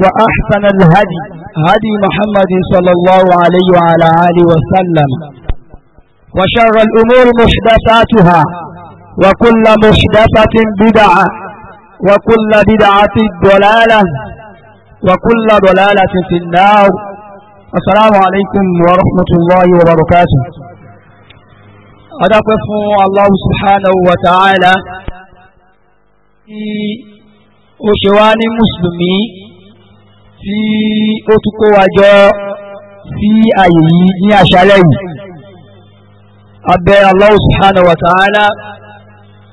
وأحسن الهدي هدي محمد صلى الله عليه وعلى آله وسلم وشر الأمور محدثاتها وكل محدثة بدعة وكل بدعة ضلالة وكل ضلالة في النار السلام عليكم ورحمة الله وبركاته أدقف الله سبحانه وتعالى في أشوان مسلمين tí ó tún kó wa jọ sí àyè yìí ní àṣálẹ́ yìí abẹ́ Allah subhanahu wa ta'ala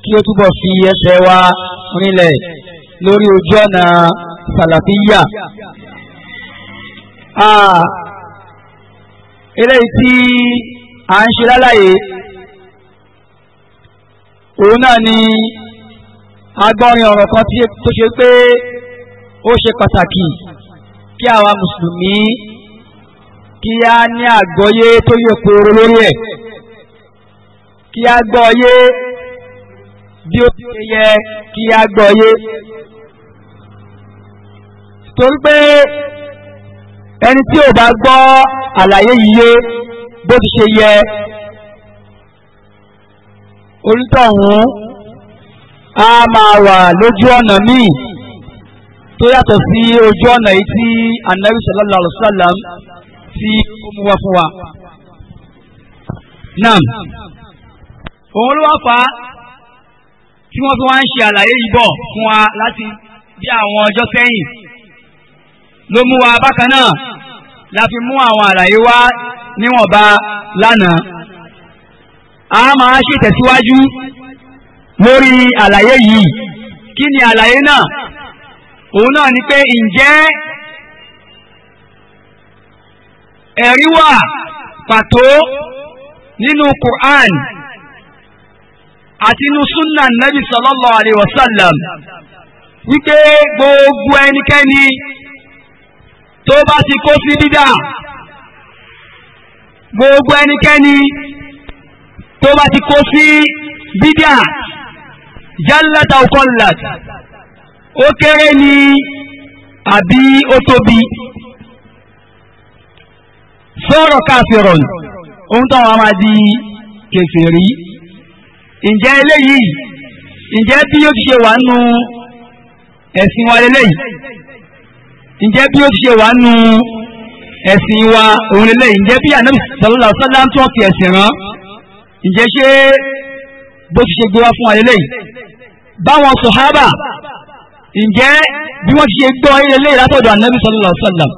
kí ó túbọ̀ fi ẹsẹ̀ wa rinlẹ̀ lórí ojú ọ̀nà sàlàfíyà eléyìí tí a ń ṣe lálàyé òun náà ni agbọ́rin ọ̀rọ̀ kan tó ṣe pé ó ṣe pàtàkì kí àwa mùsùlùmí kí á ní àgbọ́yé tó yẹ kóró lórí ẹ̀ kí á gbọ́yé bí ó ṣe yẹ kí á gbọ́yé torí pé ẹni tí ò bá gbọ́ àlàyé yìí yé bó ti ṣe yẹ onítọ̀hún á máa wà lójú ọ̀nà míì tó yàtọ̀ sí ojú ọ̀nà yìí tí anabi sallallahu alayhi wa sallam tí ó mú wá fún wa. Naam. Òun ló wá fà á tí wọ́n fi wá ń ṣe àlàyé yìí bọ̀ fún wa láti bí àwọn ọjọ́ sẹ́yìn. Ló mú wa bákan náà la fi mú àwọn àlàyé wá níwọ̀nba lánàá. A máa ṣètẹ̀síwájú lórí àlàyé yìí. Kí ni àlàyé náà? òun náà ni pé ǹjẹ́ ẹ̀rí wà pàtó nínú Qur'an àti inú sunna nabi sallallahu alayhi wa sallam wípé gbogbo ẹnikẹ́ni tó bá ti kó sí dídá gbogbo ẹnikẹ́ni tó bá ti kó sí dídá jálẹ̀ta ọkọ̀ lẹ́tà ó kéré ni àbí ó tóbi sọ̀rọ̀ káfíròn ohun tó wà máa di kèfèrí ǹjẹ́ eléyìí ǹjẹ́ bí ó ti ṣe wà nù ẹ̀sìn wa lélẹ́yìí ǹjẹ́ bí ó ti ṣe wà nù ẹ̀sìn wa òun lélẹ́yìí ǹjẹ́ bí ànábì sallallahu alaihi wasallam ń tún ọ̀kì ẹ̀sìn rán ǹjẹ́ ṣé bó ti ṣe gbé wá fún wa lélẹ́yìí báwọn sọ̀hábà ǹjẹ́ bí wọ́n ṣe gbọ́ ilé látọ̀dọ̀ ànábì sallallahu alaihi wasallam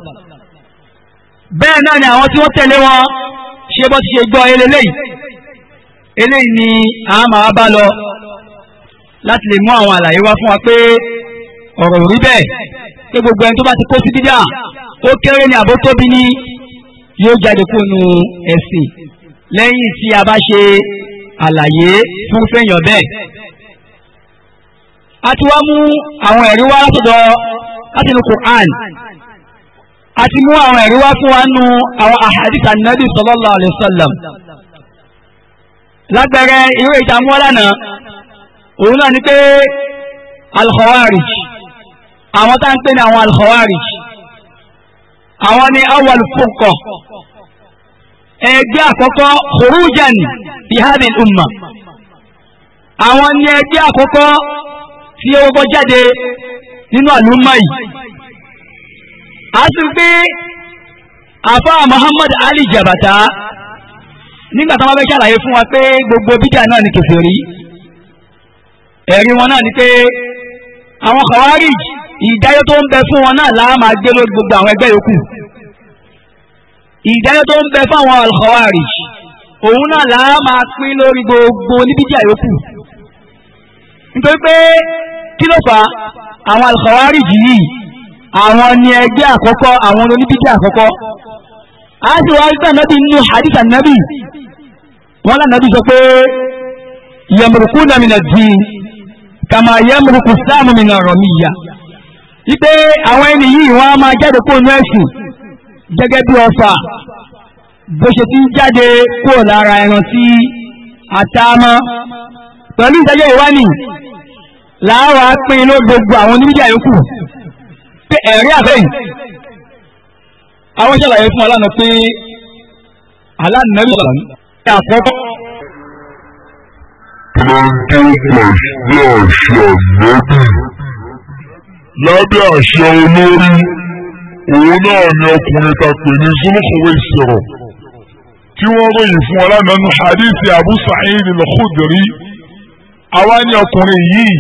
bẹ́ẹ̀ náà ni àwọn tí wọ́n tẹ̀lé wọn ṣe bọ́ ti ṣe gbọ́ eléyìí eléyìí ni a máa bá lọ láti lè mú àwọn àlàyé wá fún wa pé ọ̀rọ̀ rí bẹ́ẹ̀ pé gbogbo ẹni tó bá ti kó sí dídá ó kéré ní àbó tóbi yóò jáde kó nu ẹ̀sìn lẹ́yìn tí a bá ṣe àlàyé fún fẹ́yàn bẹ́ẹ̀ àti wá mú àwọn ẹ̀rí wá látọ̀dọ̀ láti nu Qur'an àti mú àwọn ẹ̀rí wá fún wa nu àwọn ahadith anabi sallallahu alayhi wa sallam lágbẹ̀rẹ̀ irú ìta mú lánàá òun náà ni pé al àwọn tá ń pè ní àwọn al àwọn ni awal fúnkọ ẹgbẹ́ àkọ́kọ́ khurujan fi umma àwọn ni ẹgbẹ́ àkọ́kọ́ tí ó kọ́kọ́ jáde nínú àlùmọ́ yìí a sì pé àfa Muhammad Ali Jabata nígbà táwọn fẹ́ ṣàlàyé fún wa pé gbogbo bídà náà ni kèfèrí ẹ̀rí wọn náà ni pé àwọn kọ̀wárì ìdájọ́ tó ń bẹ fún wọn náà láà máa gbé lórí gbogbo àwọn ẹgbẹ́ yòókù ìdájọ́ tó ń bẹ fún àwọn alkọ̀wárì òun náà láà pín lórí gbogbo oníbídà yòókù nítorí pé kí ló fà á àwọn alkhawariji yìí àwọn ni ẹgbẹ́ àkọ́kọ́ àwọn oníbíjẹ́ àkọ́kọ́ a sì wá gbà nábì nínú hadith anabi wọn là sọ pé yamrukuna min ad-din kama yamruku sáàmù min ar-ramiyya wípé àwọn ẹni yìí wọn á máa jáde kó nú ẹ̀sìn gẹ́gẹ́ bí ọfà bó ṣe ti ń jáde kó lára ẹran tí a pẹ̀lú ìdájọ́ ìwánìí láàwà pín inú gbogbo àwọn oníbíjà yòókù pé ẹ̀rí àfẹ́yìn àwọn ṣàlàyé fún aláàánú pé aláàánú sọ̀rọ̀ ní àkọ́kọ́. lábẹ́ àṣẹ olórí òun náà ni ọkùnrin ta pè ní zulukowé ìṣòro tí wọ́n ròyìn fún aláàánú hadithi abu sa'id al-khudri àwa ni ọkùnrin yìí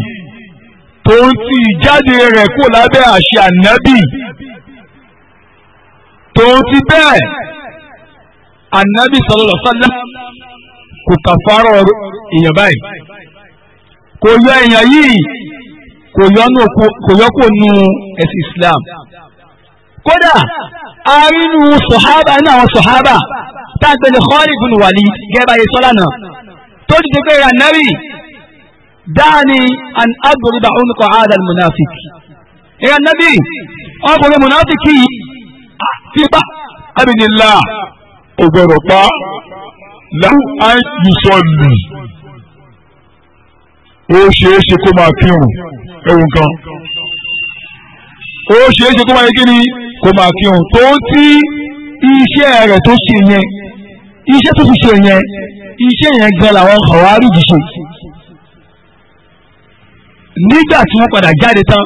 tó ń ti ìjáde rẹ̀ kó lábẹ́ àṣẹ ànábì tó ń ti bẹ́ẹ̀ ànábì sallallahu alaihi wasallam kò kàfárọ̀ èèyàn báyìí kò yọ èèyàn yìí kò yọ kò nu ẹ̀sìn Islam kódà arínú sọ̀hábà ní àwọn sọ̀hábà tá a gbẹ̀lẹ̀ Khalid ibn Walid gẹ́gẹ́ báyìí sọ́lá náà tó ti pé ànábì dáàni an adùrúbà ònùkọ̀ àdàl mùnáfíkì. ìyá nàbí ọkùnrin mùnáfíkì yìí fipá abinilá ògbọ̀rọ̀ pa láwù án yùsọ̀lù ó ṣeé ṣe kó máa kírun ẹ̀wù nǹkan ó ṣeé ṣe kó máa yẹ kí ni kó máa kírun tó ń tí iṣẹ́ rẹ̀ tó ṣe yẹn iṣẹ́ tó fi ṣe yẹn iṣẹ́ yẹn gan làwọn ọ̀rọ̀ àríjì ṣe nígbà tí wọ́n padà jáde tán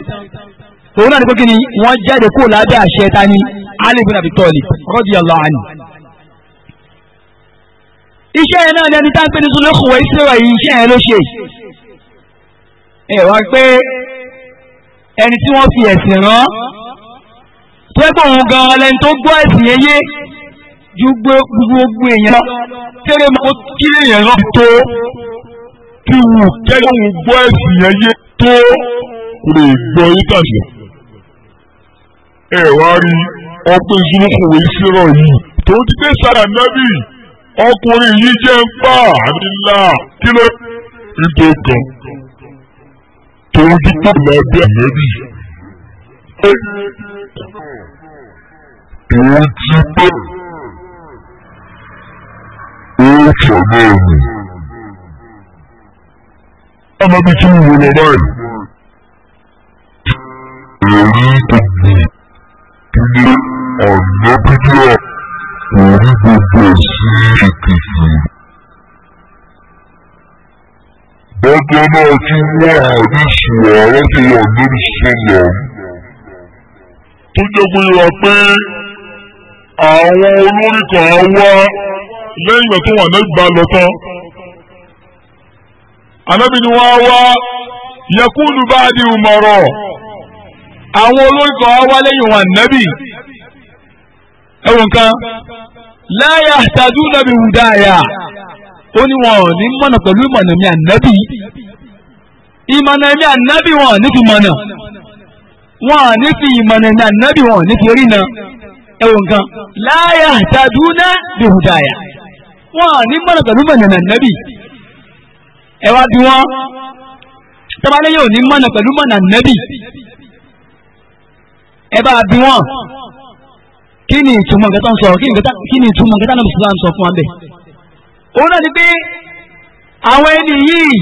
òun náà ni pé kí ni wọ́n jáde kó lábẹ́ àṣẹ ta ni Ali ibn Abi Talib radiyallahu anhu. iṣẹ́ yẹn náà lẹ́ni tá ń pè ní sunlé kòwé ìṣẹ́wà yìí iṣẹ́ yẹn ló ṣe. ẹ wá pé ẹni tí wọ́n fi ẹ̀sìn rán tẹ́gbọ̀n òun gan-an lẹ́ni tó gbọ́ ẹ̀sìn yẹn yé ju gbogbo èèyàn lọ tẹ́lẹ̀ mọ́ kí èèyàn lọ tó kí wù kẹ́lẹ́ òun gbọ́ ẹ̀sìn yẹn yé tó lè gbọ́ yítàṣẹ. ẹ wá rí ọpẹ ìsúnmọ́kùnrin ìṣirò yìí tó ti dé sára nábì ọkùnrin yìí jẹ́ ń pa àdínlá kí ló ń tó kàn tó ń dúpọ̀ lábẹ́ ànábì. Òun ti bẹ́ẹ̀, ó fọ̀ náà nù ọmọ bíi tí mo wò lọ báyìí. èyí tó bu ilé ànábíyà orí gbogbo sí èkìtì. bákan náà tún wá àdìsùn àrátìwà nínú sọlá tó jẹ́ pé wà pé àwọn olórí kan wá lẹ́yìn ìgbà tó wà lẹ́gbàá lọ́tọ́. ànábì ni wọ́n yakunu báàdì umọ̀rọ̀ àwọn olórí kan á wọn ànábì ẹ̀wọ̀n kan láyà tàdú nàbì hùdáyà ó ní wọn ní mọ̀nà pẹ̀lú ìmọ̀nà mi ànábì mi ànábì wọn ní fi mọ̀nà wọn ní fi ìmọ̀nà mi ànábì wọn ní fi na kan láyà ẹ wá bí wọ́n tọ́balẹ̀ yóò ní mọ̀nà pẹ̀lú mọ̀nà nẹ́bì ẹ bá bí wọ́n kí ni ìtumọ̀ nǹkan tó ń sọ kí ni ìtumọ̀ nǹkan tó ń sọ fún wa bẹ̀. òun náà ni pé àwọn ẹni yìí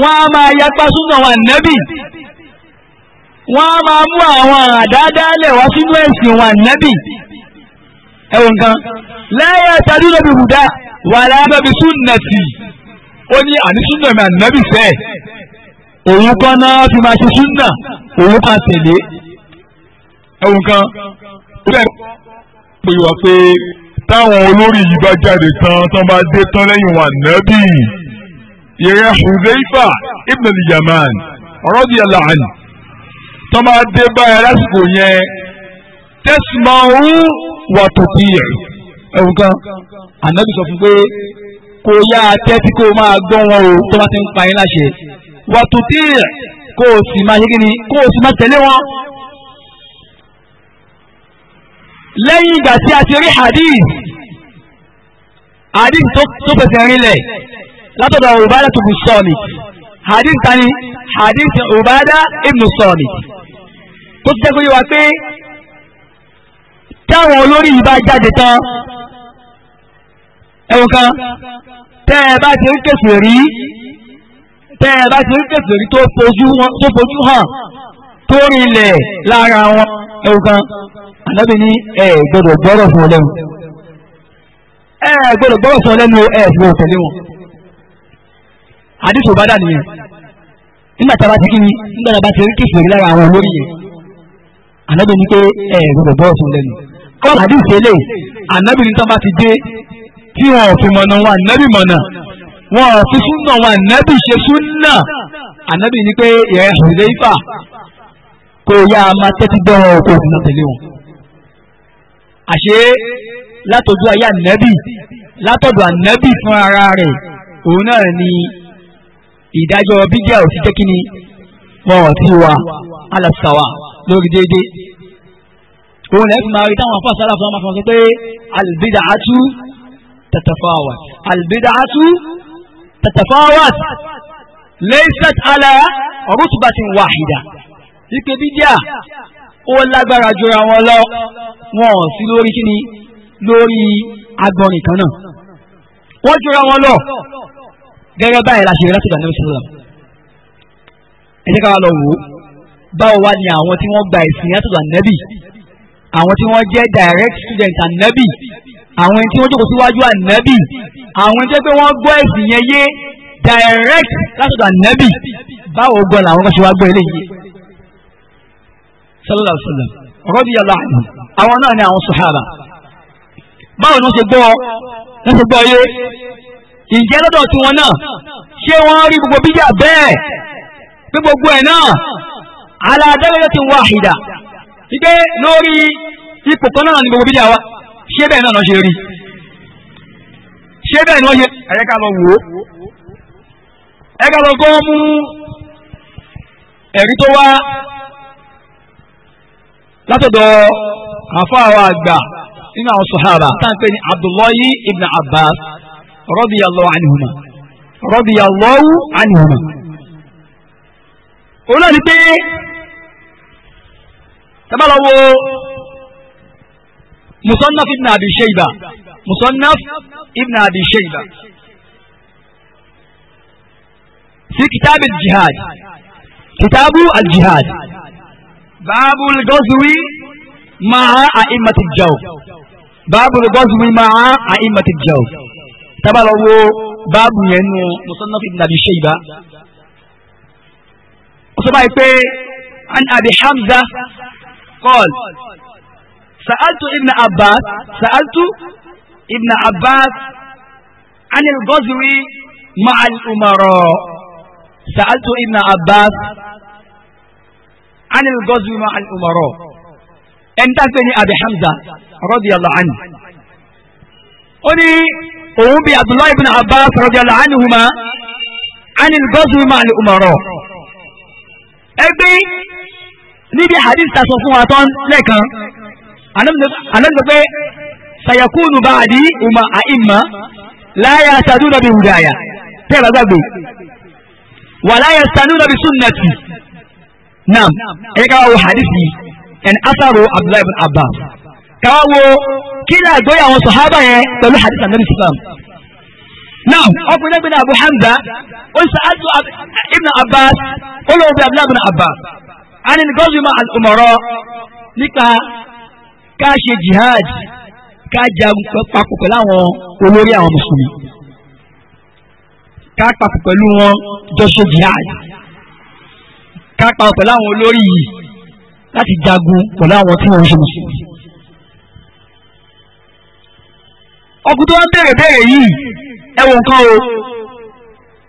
wọ́n á máa yapa súnmọ́ àwọn nẹ́bì wọ́n á máa mú àwọn àdáadáalẹ̀ wá sínú ẹ̀sìn wọn nẹ́bì ẹ̀wọ̀n kan lẹ́yìn àtàdúrà bìbùdá wà lábẹ́ bí súnnà tì ó ní àní súnà mi ànábì fẹ́ òun kan náà fi máa ṣe súnà òun kan tẹ̀lé ẹ̀wùn kan ó dẹ̀ pé wá pé táwọn olórí yìí bá jáde tán tán bá dé tán lẹ́yìn wọn ànábì ìrẹ́ Hudhaifa ibn al-Yaman radiyallahu anhu tán bá dé báyà lásìkò yẹn tẹ̀símọ̀ ọ̀hún wà tó kí ẹ̀wùn kan ànábì sọ fún pé kó yá tẹ́tí kó máa gbọ́ wọn o tó bá ti ń pa yín láṣẹ wàtútì kó o sì máa ṣe kí ni kó o sì máa tẹ̀lé wọn. lẹ́yìn ìgbà tí a ti rí hadith hadith tó fẹsẹ̀ rinlẹ̀ látọ̀dọ̀ Ubada tó bù sọ̀mì hadith tani hadith Ubada ibn sọ̀mì tó ti jẹ́ kó yẹ wa pé táwọn olórí yìí bá jáde tán ẹ̀wọ̀n kan tẹ́ ẹ bá ti ń kèsè rí tẹ́ ẹ bá ti ń kèsè rí tó fojú hàn tó rinlẹ̀ lára wọn ẹ̀wọ̀n kan ànábì ní ẹ gbọ́dọ̀ gbọ́rọ̀ fún ọ lẹ́nu ẹ gbọ́dọ̀ gbọ́rọ̀ fún ọ lẹ́nu ẹ fi wọ́n tẹ̀lé wọn. àdìsò bá dà nìyẹn nígbà tá a bá ti kí ni nígbà tá a bá ti ń kèsè rí lára àwọn olórí yẹn ànábì ní pé ẹ gbọ́dọ̀ gbọ́rọ̀ fún ọ lẹ́nu kọ́ àdìsò eléyìí ànábì tán bá ti dé tí wọn ò fi mọ̀nà wọn ànábì mọ̀nà wọn ò fi súnà wọn ànábì ṣe súnà ànábì ní pé ìyẹn ṣùgbọ́n ifá kò yá a máa tẹ́tí gbọ́ wọn kò fún tẹ̀lé wọn. àṣé látọ̀jú ayé ànábì látọ̀dọ̀ ànábì fún ara rẹ̀ òun náà ni ìdájọ́ bídíà ò ti jẹ́ kí ni wọn ò ti wà alàsàwà lórí déédéé. òun lẹ́yìn fún ma rí táwọn afọ́ àṣálà fún ọmọ kan sọ تتفاوت البدعة تتفاوت ليست على رتبة واحدة ipe bídíà ó lágbára jura wọn lọ wọn ò sí lórí kíni lórí agbọnrin kan náà wọn jura wọn lọ gẹ́gẹ́ báyìí la ṣe rí láti ìdánilẹ́sìn lọ ẹ jẹ́ ká wá lọ wò ó báwo wá ni àwọn tí wọ́n gba ìsìn yàtọ̀ ànábì àwọn tí wọ́n jẹ́ direct student ànábì àwọn tí wọ́n jókòó síwájú ànábì àwọn tí wọ́n gbọ́ ẹ̀sìn yẹn yé direct látọ̀dọ̀ ànábì báwo gan làwọn kan ṣe wá gbọ́ eléyìí sallallahu alaihi wasallam radiyallahu anhu àwọn náà ni àwọn sahaba báwo ni wọ́n ṣe gbọ́ wọ́n ṣe gbọ́ yé ǹjẹ́ lọ́dọ̀ tí wọn náà ṣé wọ́n rí gbogbo bíjà bẹ́ẹ̀ pé gbogbo ẹ̀ náà ala darajatin wahida wípé lórí ipò kan náà ni gbogbo bíjà wa ṣé bẹ́ẹ̀ náà lọ ṣe rí ṣé bẹ́ẹ̀ náà ṣe ẹ̀yẹ ká lọ wò ó ẹ ká lọ kọ́ mú ẹ̀rí tó wá látọ̀dọ̀ àfáàwọ̀ àgbà nínú àwọn sàhábà tá à ń pè ní Abdullahi ibn Abbas radiyallahu anhuma radiyallahu anhuma. òun náà ni pé tábàlọ́wọ́ musannaf ibn abi shayba musannaf ibn abi shayba fi kitab al-jihad kitabu al-jihad babu al-ghazwi ma'a a'immati al-jawf babu al-ghazwi ma'a a'immati al-jawf tabalawo babu yẹn nu musannaf ibn abi shayba ó sọ báyìí pé an abi hamza qala sa'altu ibn abbas sa'altu ibn abbas anil gozwi ma'al umaro sa'altu ibn abbas anil gozwi ma'al umaro ẹni tá a pè ní abi hamza radiyallahu anhu ó ní òun bí abdullahi ibn abbas radiyallahu anhuma anil gozwi ma'al umaro ẹgbẹ́ níbi hadith ta sọ fún wa tán lẹ́ẹ̀kan anábìsọ pé sayakunu baadi uma aima láyà sadúnà bí hudaya tẹ́ ẹ bá gbàgbé wà láyà sadúnà bí sunnati naam ẹ ká wo hadithi ẹn asaro abdullahi bin abbas ká wo kí ni àgbóyè àwọn sòhábà yẹn pẹ̀lú hadith anabi islam naam ọkùnrin náà gbé abu hamza ó sọ àtú ibn abbas ó lọ́wọ́ bí abdullahi bin abbas àni gọ́ọ̀lù ma al-umara nípa ká ṣe jihad ká jagun papọ̀ pẹ̀lú àwọn olórí àwọn mùsùlùmí ká papọ̀ pẹ̀lú wọn jọ ṣe jihad ká papọ̀ pẹ̀lú àwọn olórí yìí láti jagun pẹ̀lú àwọn tí wọ́n ń ṣe mùsùlùmí. ọkùnrin tó wá bẹ̀rẹ̀ bẹ̀rẹ̀ yìí ẹ̀wọ̀n kan o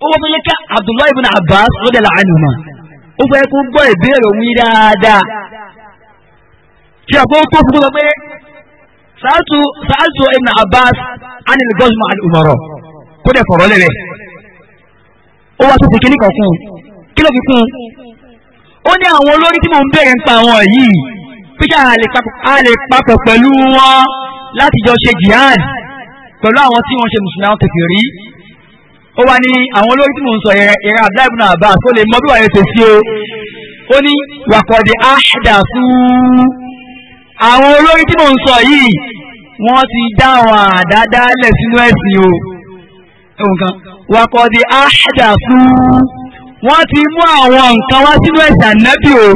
ó wọ́n fẹ́ ká Abdullahi ibn Abbas ló láàánú mọ́ ó fẹ́ kó gbọ́ ìbéèrè òun yìí dáadáa kí àgbo tó fún gbogbo pé sàátù sàátù ibn abbas anil gosma al umaro kó dẹ̀ fọ̀rọ̀ lẹ́lẹ̀ ó wá tètè kíní kan kún kí ló fi kún ó ní àwọn olórí tí mò ń bẹ̀rẹ̀ ń pa àwọn yìí pé kí a lè papọ̀ pẹ̀lú wọn láti jọ ṣe jihad pẹ̀lú àwọn tí wọ́n ṣe mùsùlùmí àwọn tètè rí ó wá ní àwọn olórí tí mò ń sọ yẹn ìran abdullahi abbas ó lè mọ bí wàá yẹn tètè sí o ó ní wàkọ̀dé áṣdà àwọn olórí tí mò ń sọ yìí wọ́n ti dá àwọn àdáda lẹ̀ sínú ẹ̀sìn o nǹkan wàkọ̀dì áṣàdà fún wọ́n ti mú àwọn nǹkan wá sínú ẹ̀sìn ànábì o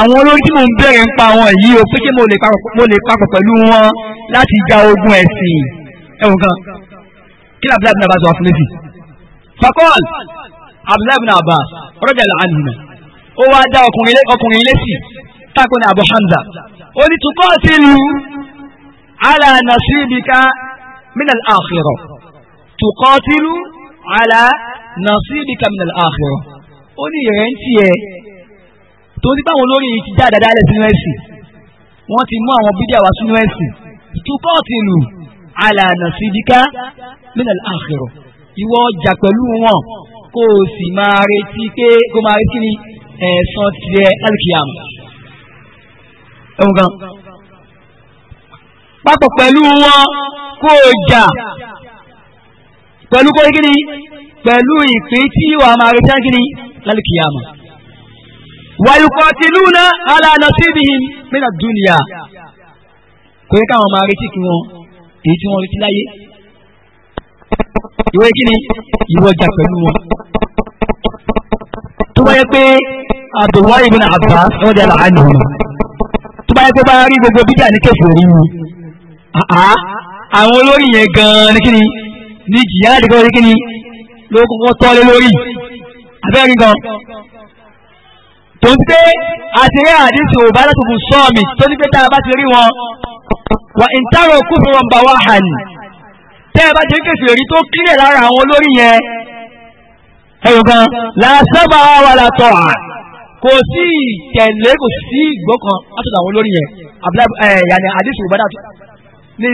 àwọn olórí tí mò ń bẹ̀rẹ̀ ń pa àwọn yìí o pé kí mo lè papọ̀ pẹ̀lú wọn láti ja ogun ẹ̀sìn ẹ̀wọ̀n kan kí làbílà bí nàbà sọ fún méjì. fakọ́l abdullahi abbas rọ́jà làánù ó wá dá ọkùnrin lẹ́sìn tako ni Abu Hamza ó ní tukọ́ sílu ala nasibika min al-akhira tukọ́ sílu ala nasibika min al-akhira ó ní ìrẹ̀ ń tiẹ̀ tó ti báwọn olórí yìí ti já dáadáa lẹ̀ sínú ẹ̀sìn wọ́n ti mú àwọn bídíà wá sínú ẹ̀sìn tukọ́ sílu ala nasibika min al-akhira ọjà pẹ̀lú wọn kó o sì máa retí pé kó máa retí ní ẹ̀san tiẹ̀ alkiyama ẹ̀wọ̀n gan. papọ̀ pẹ̀lú wọn kó o jà pẹ̀lú kó o kí ni pẹ̀lú ìpín tí wàá máa retí kí ni lálẹ́ kìyàmù. wàyùkọ̀tìlúna alànà síbìhìn mínà dúnìyà kò yẹ káwọn máa retí kí wọn èyí tí wọn retí láyé ìwé kí ni ìwọ jà pẹ̀lú wọn. tó bá yẹ pé Abdullahi bin Abbas ọ̀dẹ̀ làánù wọn tó bá yẹ kó bá rí gbogbo bídà ní kẹfì rí mu àwọn olórí yẹn gan-an ní kíni ní jìyà láti kọ́ ní kíni ló kọ́ tọ́lé lórí abẹ́rẹ́ gan tó ń pé àtẹ̀rẹ́ àdísù ò bá látòkù sọ́ọ̀mì tó ní pé tá a bá ti rí wọn wà ń tààrọ̀ kú fún wọn bá wà hàn tẹ́ ẹ bá ti rí kèsì rí tó kílẹ̀ lára àwọn olórí yẹn ẹ̀rù gan làásàbà wà látọ̀ à kò sí ìtẹ̀lé kò sí ìgbọ́ kan látọ̀dọ̀ àwọn olórí yẹn yàní àdìsí ò bá dà ní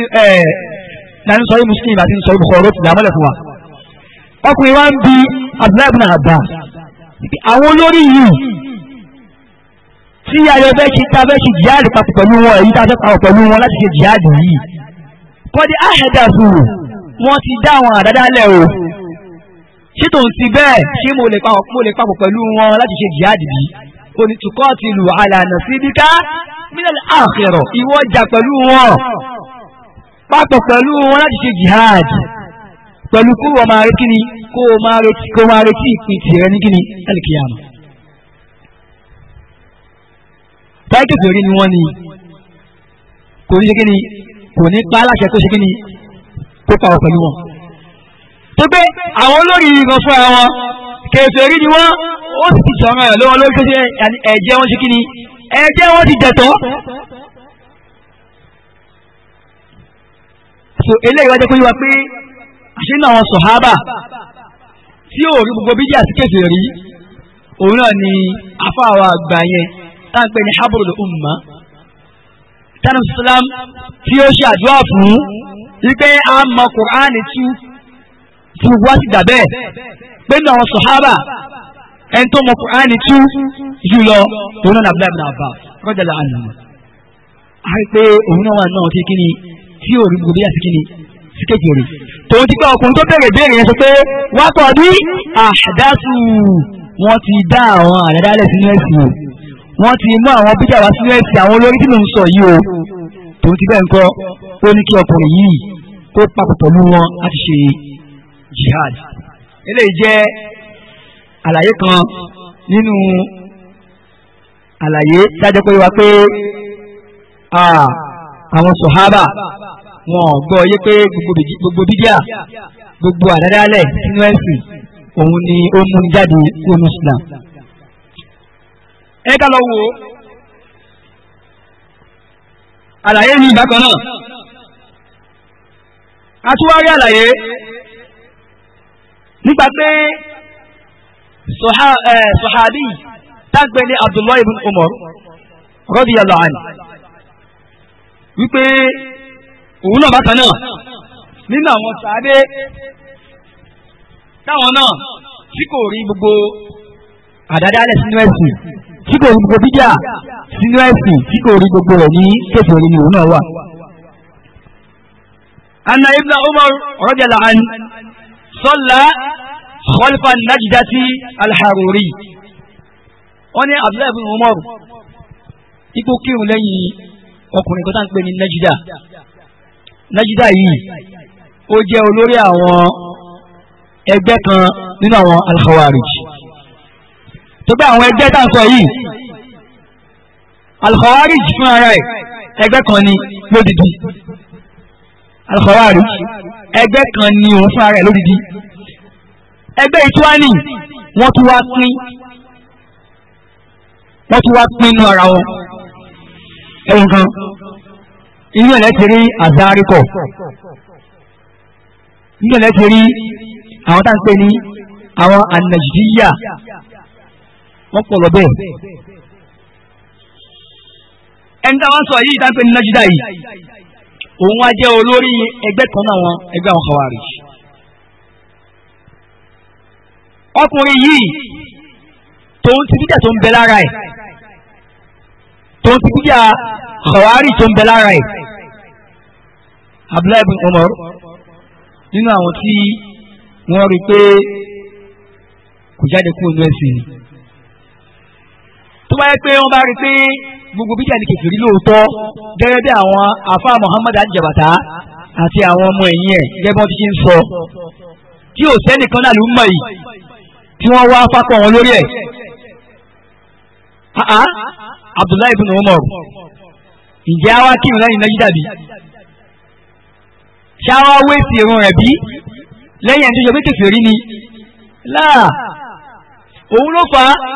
nàní eh, sọ muslim àti sọ bukhari ti dàmọ́lẹ̀ fún wa. ọkùnrin wa ń bi abdullahi ibn abbas àwọn olórí yìí tí ayọ̀ fẹ́ ṣe ta fẹ́ ṣe jihad papọ̀ pẹ̀lú wọn èyí tá a fẹ́ papọ̀ pẹ̀lú wọn láti ṣe jihad yìí kọ́ni ahẹ́dà fún wọn ti dá àwọn àdádálẹ̀ o ṣé tó ń ti bẹ́ẹ̀ ṣé mo lè papọ̀ pẹ̀lú wọn láti ṣe jihadi bí onítùkọ́ ti lù àlànà síbíká mílẹ̀ àkẹrọ̀ ìwọ jà pẹ̀lú wọn papọ̀ pẹ̀lú wọn láti ṣe jihadi pẹ̀lú kó o máa rí kíni kó o máa retí kó o máa retí ìpín tìrẹ ní kíni ẹlẹ́kìyàmù. táìkì pèrè ni wọ́n ni kò ní ṣe kíni kò ní pa aláṣẹ kó ṣe kíni kó pa ọ̀ pẹ̀lú wọn tó pé àwọn olórí ìrìnkan fúnra wọn kèfèrí ni wọ́n ó sì ti sọ̀rọ̀ ẹ̀ lọ́wọ́ lórí pé ẹ̀jẹ̀ wọn ṣe kí ni ẹ̀jẹ̀ wọn ti jẹ̀tọ́. so eléyìí wájú pé wá pé àṣínà àwọn sọ̀hábà tí ò rí gbogbo bíjà sí kèfèrí òun náà ni afáwa àgbà yẹn táà ń pè ní habrul umma tánà sàlám tí ó ṣe àdúrà fún wípé a mọ kùránì tú ti wá sí dàbẹ́ pé ní àwọn sọ̀hábà ẹni tó mọ Kùránì tú jù lọ òun náà nàbẹ́lẹ́ náà bá rọ́jà là àná àì pé òun náà wà náà ti kíni tí òun gbogbo bí àti kíni sí kékeré tòun ti pé ọkùnrin tó bẹ̀rẹ̀ béèrè yẹn sọ pé wá pọ̀ bí àdásù wọ́n ti dá àwọn àdádálẹ̀ sínú ẹ̀sìn o wọ́n ti mú àwọn bíjà wá sínú ẹ̀sìn àwọn olórí tí mò ń sọ yìí o tòun ti bẹ́ẹ̀ ń kọ́ ó ní kí ọkùnrin yìí kó papọ̀ pẹ̀lú wọn láti ṣe jihad eléyìí jẹ́ àlàyé kan nínú àlàyé dájọ́ pé wá pé àwọn sọ̀hábà wọn gbọ́ yé pé gbogbo bídíà gbogbo àdádálẹ̀ nínú ẹ̀sìn òun ni ó mú jáde nínú Islam. ẹ ká lọ wo àlàyé ní ìbákan náà a tún wá rí àlàyé nígbà pé sọ̀hábì eh, tágbẹ́ ní Abdullahi ibn Umar radiyallahu anhu wípé òun náà bákan náà nínú àwọn sàádé táwọn náà tí kò rí gbogbo àdádálẹ̀ sínú ẹ̀sìn tí kò rí gbogbo bíjà sínú ẹ̀sìn tí kò rí gbogbo rẹ̀ ní kéfì orí ni òun náà wà. anna ibn Umar radiyallahu anhu sọ́lá خلف najdati alharuri wọ́n عبد abdullahi bin umar ipò kírun lẹ́yìn ọkùnrin kan tá ń pè ní najida najida yìí ó jẹ́ olórí àwọn ẹgbẹ́ kan nínú àwọn alkhawarij tó bá àwọn ẹgbẹ́ tá à sọ yìí alkhawarij fún ara ẹgbẹ́ kan ní lódìdí alkhawarij ẹgbẹ́ kan ní òun fúnra rẹ̀ lódìdí ẹgbẹ́ ìtúwání wọ́n tún wá pín wọ́n tún wá pín inú ara wọn ẹ̀wọ̀n kan inú ẹ̀lẹ́ ti rí àzárikọ̀ inú ẹ̀lẹ́ ti rí àwọn tá à ń pè ní àwọn ànàjíríyà wọ́n pọ̀ lọ bẹ́ẹ̀ ẹni táwọn sọ yìí tá à ń pè ní nàjíríyà yìí òun wá jẹ́ olórí ẹgbẹ́ kan náà wọn ẹgbẹ́ àwọn kọ̀wárì. ọkùnrin yìí tòun ti dídà tó ń bẹ lára ẹ̀ tòun ti dídà kọ̀wárì tó ń bẹ lára ẹ̀ Abdullahi bin Umar nínú àwọn tí wọ́n rí pé kò jáde kúrò ní ẹ̀sìn ni tó bá yẹ pé wọ́n bá rí pé gbogbo bíjà ni kèfèrí lóòótọ́ gẹ́gẹ́ bí àwọn afa Muhammad ajabata àti àwọn ọmọ ẹ̀yìn ẹ̀ gẹ́gẹ́ bí wọ́n ti ṣe ń sọ tí ò sẹ́nìkan náà ló ń mọ̀ yìí tí wọ́n wá fápọ̀ wọn lórí ẹ̀ Abdullahi ibn Umar ǹjẹ́ àwa kí ìrìn lẹ́yìn náà dàbí ṣáwá wéèsì ìran rẹ̀ bí lẹ́yìn ẹ̀ńdíjọ́ pé kèfèrí ni láà òun ló fà á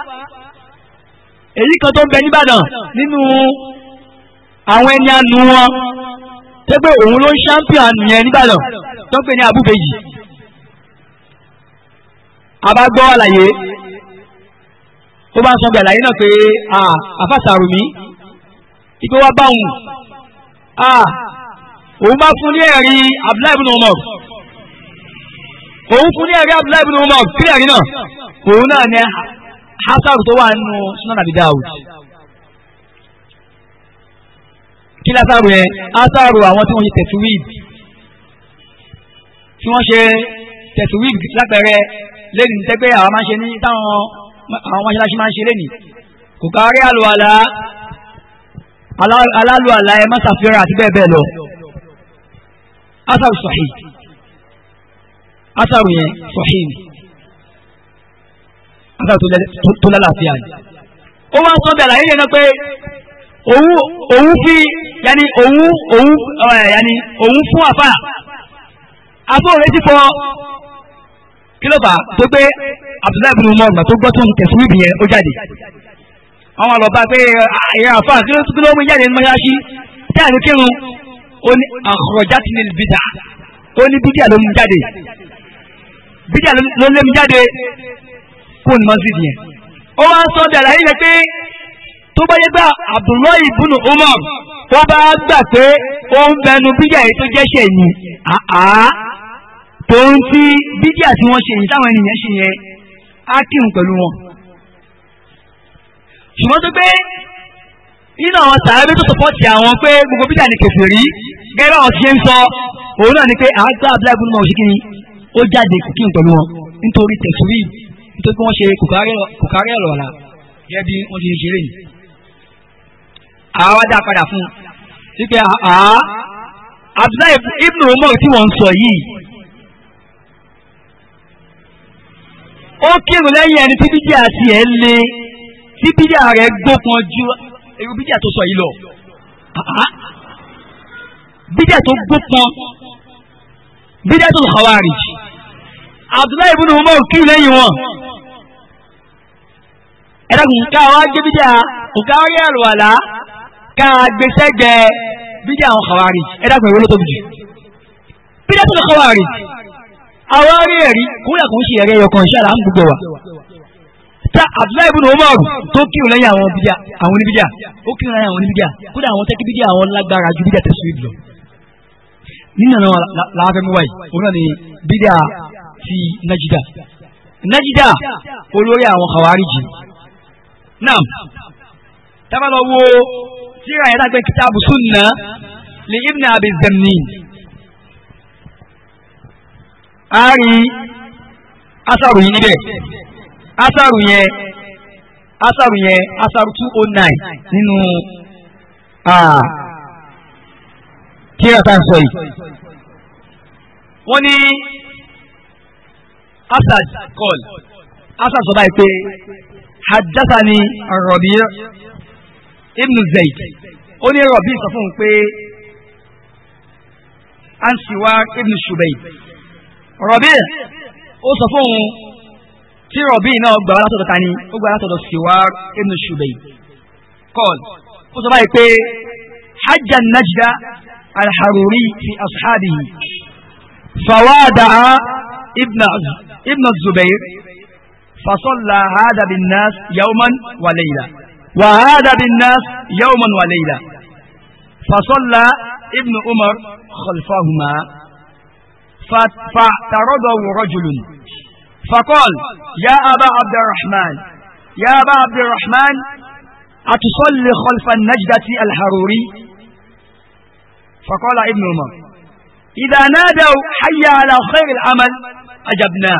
èyí kan tó ń bẹ nìbàdàn nínú àwọn ẹni àánú wọn tó pé òun ló ń champion yẹn nìbàdàn tó pé ní abúbejì abagbọ́ àlàyé ó bá ń sọ bí àlàyé náà pé àfàṣàrùmí ìgbé wá báwùn òun bá fún ní ẹ̀rí Abdullahi ibn Umar òun fún ní ẹ̀rí Abdullahi ibn Umar kí ẹ̀rí náà òun náà ní hasaru tó wà nínú sunan abi dawud kí lásàrò yẹn hasaru àwọn tí wọ́n ṣe tẹ̀síwìd tí wọ́n ṣe tẹ̀síwìd lápẹẹrẹ lẹ́yìn tẹ́gbẹ́ àwọn máa ń ṣe ní táwọn àwọn mọ́ṣáláṣí máa ń ṣe lẹ́yìn kò kárí àlùwàlà alálùwàlà ẹ má ṣàfihàn àti bẹ́ẹ̀ bẹ́ẹ̀ lọ hasaru sahih hasaru yẹn sahih nígbà tó lálàáfíà ni. ó wá sọ bẹ̀rẹ̀ ayé yẹn náà pé òun òun fi yanni òun òun yanni òun fún àfà àbó rẹ ti fọ kí ló fà á tó gbé Abdullahi bin Umar gbà tó gbọ́ tó ń tẹ̀sí wíìbì yẹn ó jáde àwọn àlọ́ba pé àyè àfà kí ló kí ló mú jáde ní mọ́ṣáláṣí kírun ó ní àkọ́jà ti ní bìdà ó ní bìdà ló mú jáde bìdà ló lé mú jáde kó ní masjid yẹn ó wá sọ dàrá yìí pé tó bá yẹ pé Abdullahi ibn Umar ó bá gbà pé ó ń bẹnu bíjà yìí tó jẹ́ṣẹ̀ ni àá tòun ti bíjà tí wọ́n ṣe yìí táwọn ènìyàn ṣe yẹn á kírun pẹ̀lú wọn ṣùgbọ́n tó pé nínú àwọn sàárẹ́ tó sọpọ́tì àwọn pé gbogbo bíjà ni kèfèrí gẹ́gẹ́ àwọn ṣe ń sọ òun náà ni pé àgbà abúlé abúlé mọ̀ òṣìkiri ó jáde kìkì pẹ̀lú wọn nítorí tẹ̀síwì nítorí pé wọ́n ṣe kòkárẹ́ ọ̀rọ̀ ọ̀la yẹ bí wọ́n ti ṣeré yìí. àwa dá padà fún un wípé àá Abdullahi ibn Umar tí wọ́n ń sọ yìí ó kírun lẹ́yìn ẹni tí bíjà tiẹ̀ lé tí bíjà rẹ̀ gbópọn ju irú bíjà tó sọ yìí lọ bíjà tó gbópọn bíjà tó Khawarij abdullahi ibn umar kí lẹ́yìn wọn ẹ̀dàkùn ká wá gbé bídíà nǹka ayé àlùwàlá ká gbèsègbè bídíà àwọn kàwárì ẹ̀dàkùn ìwé ló tóbi jù bídíà tó lọ kàwárì àwọn arí ẹ̀rí kúrò kò ń ṣe ẹ̀rẹ́ ẹ̀yọkàn iṣẹ́ àlà ń gbogbo wa ta abdullahi ibn umar tó kí o lẹ́yìn àwọn bídíà àwọn oníbídíà ó kí o lẹ́yìn àwọn oníbídíà kódà àwọn tẹ́kí bídíà àwọn lágbára ju bídíà tẹ̀síwìlì lọ nínú àwọn làwọn fẹ́ mú wáyé òun náà ni bídíà ti najida najida olórí àwọn khawariji naam tábàlọ wo tíra yẹn dàgbé kitabu sunna li ibn abi zamni a rí asaru yìí níbẹ̀ asaru yẹn asaru yẹn asaru two oh nine nínú tíra tá a sọ yìí wọ́n ní asad kọ́ọ̀l asad sọ báyìí pé hadathani rọ̀bì ibn zayd ó ní rọ̀bì sọ fún un pé ansiwa ibn shubayb rọ̀bì ó sọ fún un tí rọ̀bì náà gbà látọ̀dọ̀ ta ni ó gbà látọ̀dọ̀ siwa ibn shubayb kọ́ọ̀l ó sọ báyìí pé حج النجد الحروري في أصحابه فوادع ابن ابن الزبير فصلى هذا بالناس يوما وليلة وهذا بالناس يوما وليلة فصلى ابن عمر خلفهما فاعترضه رجل فقال يا أبا عبد الرحمن يا أبا عبد الرحمن أتصلي خلف النجدة الحروري فقال ابن عمر إذا نادوا حي على خير العمل ajabna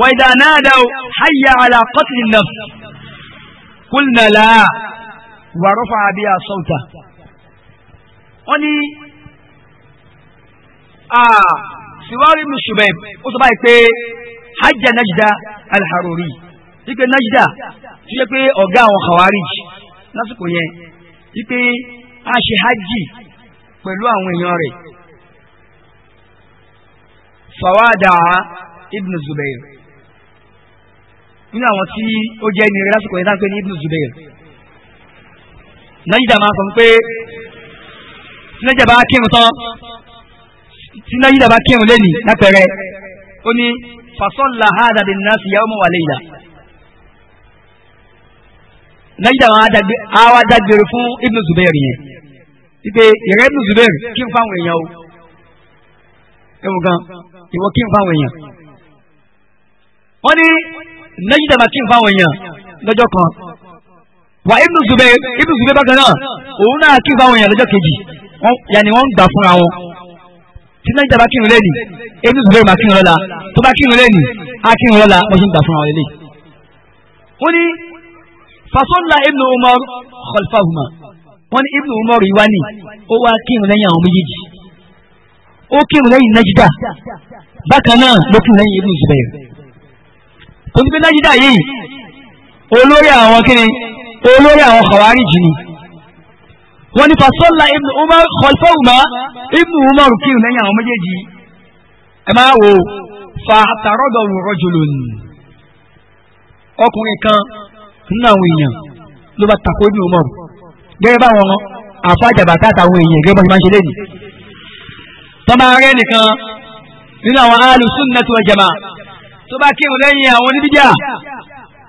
wa idha nadaw hayya ala qatl an-nafs qulna la wa rafa'a biha sawta wọ́n ní siwari ibn Shubayb ó sọ báyìí pé hajj najda al-Haruri wípé najda tó yẹ pé ọ̀gá àwọn khawarij lásìkò yẹn wípé a ṣe hajj pẹ̀lú àwọn èèyàn rẹ̀ fawada ibn zubair nínú àwọn tí ó jẹ́ ní rẹ̀ lásìkò yẹn sáńpé ní ibn zubair nàìjíríà máa sọ pé sinajá bá kírun tán sinajá bá kírun lẹ́nu lápẹ̀rẹ̀ ó ní fasọ́lá hádàbí nàásì yawman wa layla nàìjíríà àwọn adágbèrè fún ibn zubair yẹn wípé ìrẹ́ ibn zubair kí n fáwọn èèyàn o ìwọ kí n fáwọn èèyàn wọ́n ní nẹ́jìdàmà kí n fáwọn èèyàn lọ́jọ́ kan wà Ibn Zubayr Ibn Zubayr bákan náà òun náà kí n fáwọn èèyàn lọ́jọ́ kejì yàní wọ́n ń gbà fúnra wọn tí nẹ́jìdàmà kí n lé ní Ibn Zubayr kí n lọ́la tó bá kí n lé á kí n lọ́la wọ́n ṣe ń gbà fúnra wọn lélẹ̀ wọ́n ní fasọ́nà Ibn Umar khalfahuma wọ́n ní Ibn Umar yìí wá ní ó wá kí n lẹ́yìn àwọn méjèèjì ó kírun lẹ́yìn nájídà bákan náà ló kírun lẹ́yìn ibùn zubair tó ti pé nájídà yìí olórí àwọn kíni olórí àwọn khawarij ni wọ́n ní fasọ́lá ibn umar khalfahuma ibn umar kírun lẹ́yìn àwọn méjèèjì ẹ máa wò fàtàrọ́dọ̀ rajulun ọkùnrin kan nínú àwọn èèyàn ló bá tako ibn umar gẹ́gẹ́ báwọn afájàbàtà àtàwọn èèyàn gẹ́gẹ́ bá ti máa ń ṣe tọ́ba rẹ̀ nìkan nínú àwọn alu sunnah wal jamaa tó bá kírun lẹ́yìn àwọn oníbíjà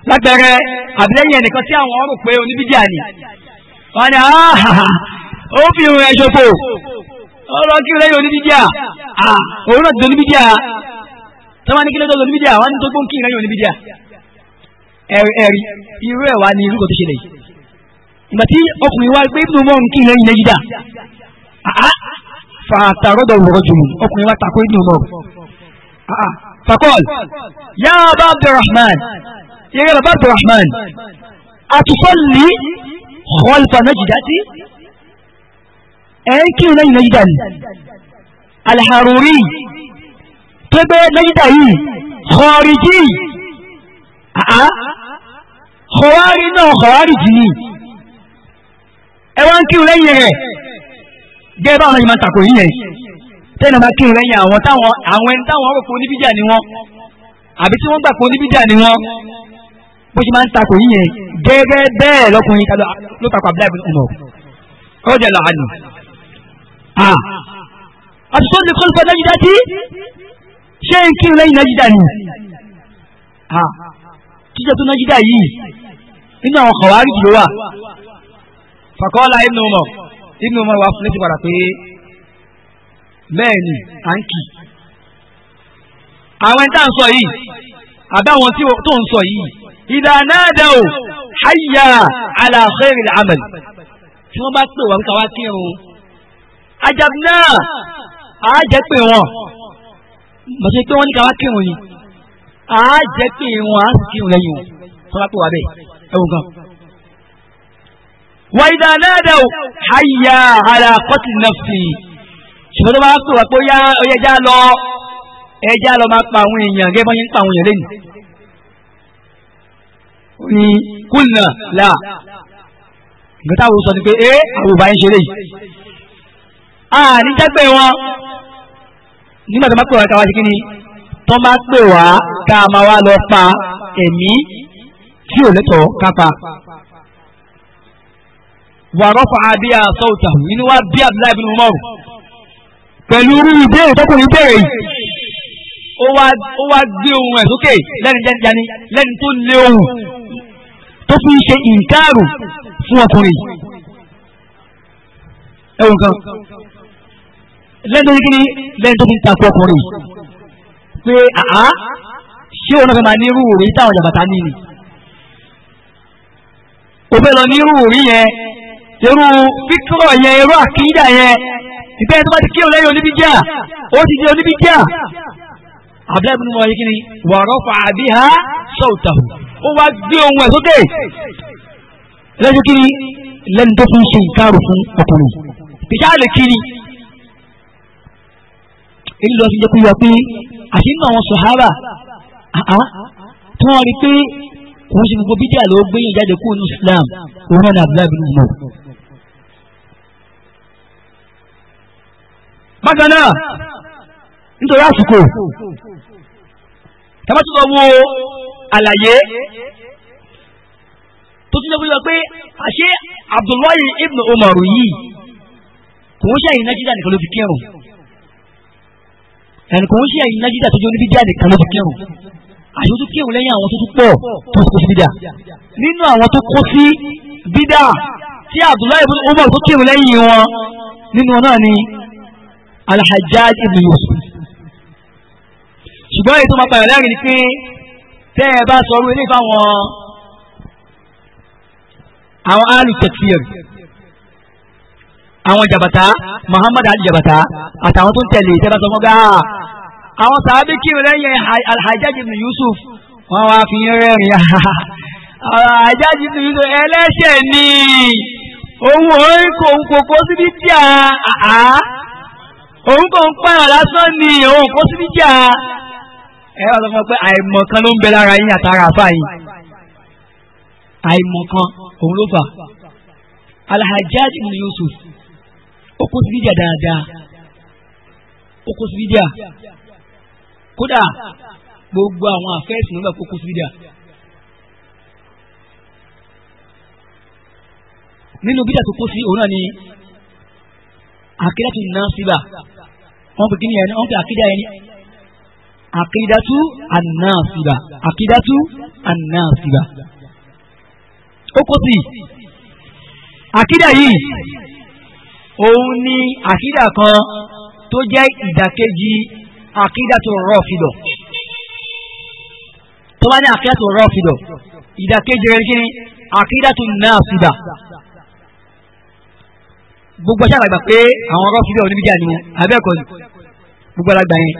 lágbẹ̀rẹ̀ àbílẹ́yìn ẹnìkan tí àwọn ọ̀rọ̀ pé oníbíjà ni wọ́n ní ó fi irun ẹ̀ ṣòfò ó lọ kírun lẹ́yìn oníbíjà òun náà ti di oníbíjà tọ́ba ní kí ló dọ́dọ̀ oníbíjà wọ́n ní tó gbóǹkì lẹ́yìn oníbíjà ẹ̀rí irú ẹ̀ wá ní irú kò tó ṣẹlẹ̀ yìí ìgbà tí ọkùnrin wá gbé ibùdó mọ́rùn kí lẹ́yìn lẹ́yìn dà fàtàrọ́dọ̀ rọ́jò ọkùnrin wa takò ibn umar fakọ́l yá bá abdulrahman yẹ́gẹ́ bàbá abdulrahman àtúsọ́lì khalfa najdati ẹ̀ ń kírun lẹ́yìn nàjídá ni alharuri tó gbé nàjídá yìí khariji kọ̀wárí náà kọ̀wárí jì ní ẹ̀ wá ń kírun lẹ́yìn rẹ̀ gẹ́gẹ́ báwọn yìí máa ń takò yín yẹn tẹ́lẹ̀ máa kí ìrẹ́yìn àwọn táwọn àwọn ẹni táwọn rò pé oníbíjà ni wọ́n àbí tí wọ́n gbà pé oníbíjà ni wọ́n bó ṣe máa ń takò yín yẹn gẹ́gẹ́ bẹ́ẹ̀ lọ́kùnrin kan ló takò abdullahi bin umar ọjọ́ ìlà àná a àtúntò lè kọ́ lùkọ́ dájídá tí ṣé n kí ìrẹ́yìn dájídá ni a jíjẹ tó dájídá yìí nínú àwọn kọ̀wárí jùlọ wà fàkọ́ọ́lá ibn umar. Ibn Umar wá fún létí padà pé bẹ́ẹ̀ ni à ń kì í. àwọn tá à ń sọ yìí àbáwọn tó ń sọ yìí idha nadau hayya ala khairil amal tí wọ́n bá pè wá nípa wá kírun ajab náà àá jẹ́ pé wọn mọ̀ sí pé wọ́n ní ká wá kírun ni àá jẹ́ pé wọn àá sì kírun lẹ́yìn wọn tó bá pè bẹ́ẹ̀ ẹ̀wọ̀n gan wà ìdá náàdà ò hayya ala qatl nafsi ṣùgbọ́n tó bá pè wá pé ó yẹ já lọ ẹjá lọ máa pa àwọn èèyàn gẹ́gẹ́ bọ́n yẹn ń pa àwọn èèyàn lẹ́nu. ó ní ni pé ẹ àwọn òbá yẹn ṣe a ní jágbé wọn nígbà tó bá pè wá ká wá sí kíni tó bá pè wá ká máa wá lọ pa ẹ̀mí tí ò lẹ́tọ̀ọ́ ká wà rọ́fà àbí àsọ̀tà inú wa bí abdullahi bin umar pẹ̀lú irú ìbéèrè tọkùnrin béèrè yìí ó wá gbé ohun ẹ̀ sókè lẹ́ni jẹ́njẹ́ni lẹ́ni tó lé ohun tó fi ń ṣe ìǹkaàrù fún ọkùnrin ẹ̀wọ̀n kan lẹ́ni tó ní kíni lẹ́ni tó fi ń takò ọkùnrin pé àá ṣé òun náà fẹ́ máa ní irú òrí táwọn jàbàtà ní ni òfin lọ ní irú òrí yẹn irú fíkúrọ̀ yẹn irú àkídà yẹn ìgbẹ́ tó bá ti kírun lẹ́yìn oníbíjà ó ti di oníbíjà abdullahi bin wọ́n yìí kí ni wa rafa'a biha sawtahu ó wá gbé ohun ẹ̀ sókè lẹ́yìn kí ni lẹ́nu tó fún ṣe ìkárò fún ọkùnrin ìṣá lè kí ni èyí lọ sí jẹ́ kúyọ pé àṣì nínú àwọn sọ̀hábà tí wọ́n rí pé wọ́n ṣe gbogbo bídíà ló gbé yẹn jáde kúrò ní Islam òun náà ni abdullahi bin wọ́n. bákan náà nítorí àsìkò tabatúbọ̀ wo àlàyé tó tún lọ́wọ́ pé àṣé Abdullahi ibn Umar yìí kò ń ṣe àyìn nájídà nìkan ló fi kírun ẹnì kò ń ṣe àyìn nájídà tó jẹ́ oníbídíà nìkan ló fi kírun àyè tó kírun lẹ́yìn àwọn tó tún pọ̀ tó kó sí bídà nínú àwọn tó kó sí bídà tí Abdullahi ibn Umar tó kírun lẹ́yìn wọn nínú wọn náà ni alhajjaj ibn yusuf ṣùgbọ́n èyí tó máa pààyàn lẹ́rìn ni pé tẹ́ ẹ bá sọ orí fáwọn àwọn alùtẹ̀kìr àwọn jàbàtà muhammad ali jàbàtà àtàwọn tó ń tẹ̀lé tẹ́ bá sọ fún gáà ah, àwọn sàábí kí lẹ́yìn alhajjaj ibn yusuf wọ́n wá fi yín rẹ́rìn ah, alhajjaj ibn yusuf ẹlẹ́ṣẹ̀ ni òun òun kò kókó síbi tí a òun kò ń pààyàn lásán ni òun kò sí níjà ẹ wà lọ́kàn pé àìmọ̀ kan ló ń bẹ lára yín àtàrà àfà yín àìmọ̀ kan òun ló fà Al-Hajjaj ibn Yusuf ó kó sí níjà dáadáa ó kó sí níjà kódà gbogbo àwọn àfẹ́sì nígbà kó kó sí níjà. nínú bídà tó kó sí òun náà ni akẹ́kọ̀ọ́ náà síbà wọ́n pè kíni ẹni wọ́n pè àkídà ẹni àkídàtú ànáàsìbà àkídàtú ànáàsìbà ó kó sí àkídà yìí òun ni àkídà kan tó jẹ́ ìdàkejì àkídàtú rọ́ọ̀fìdọ̀ tó bá ní àkídàtú rọ́ọ̀fìdọ̀ ìdàkejì rẹ̀ kíni àkídàtú náàsìbà gbogbo ṣáà gbà pé àwọn ọ̀rọ̀ fífẹ́ oníbíjà ni wọn abẹ́ẹ̀kọ́ ni gbogbo alágbà yẹn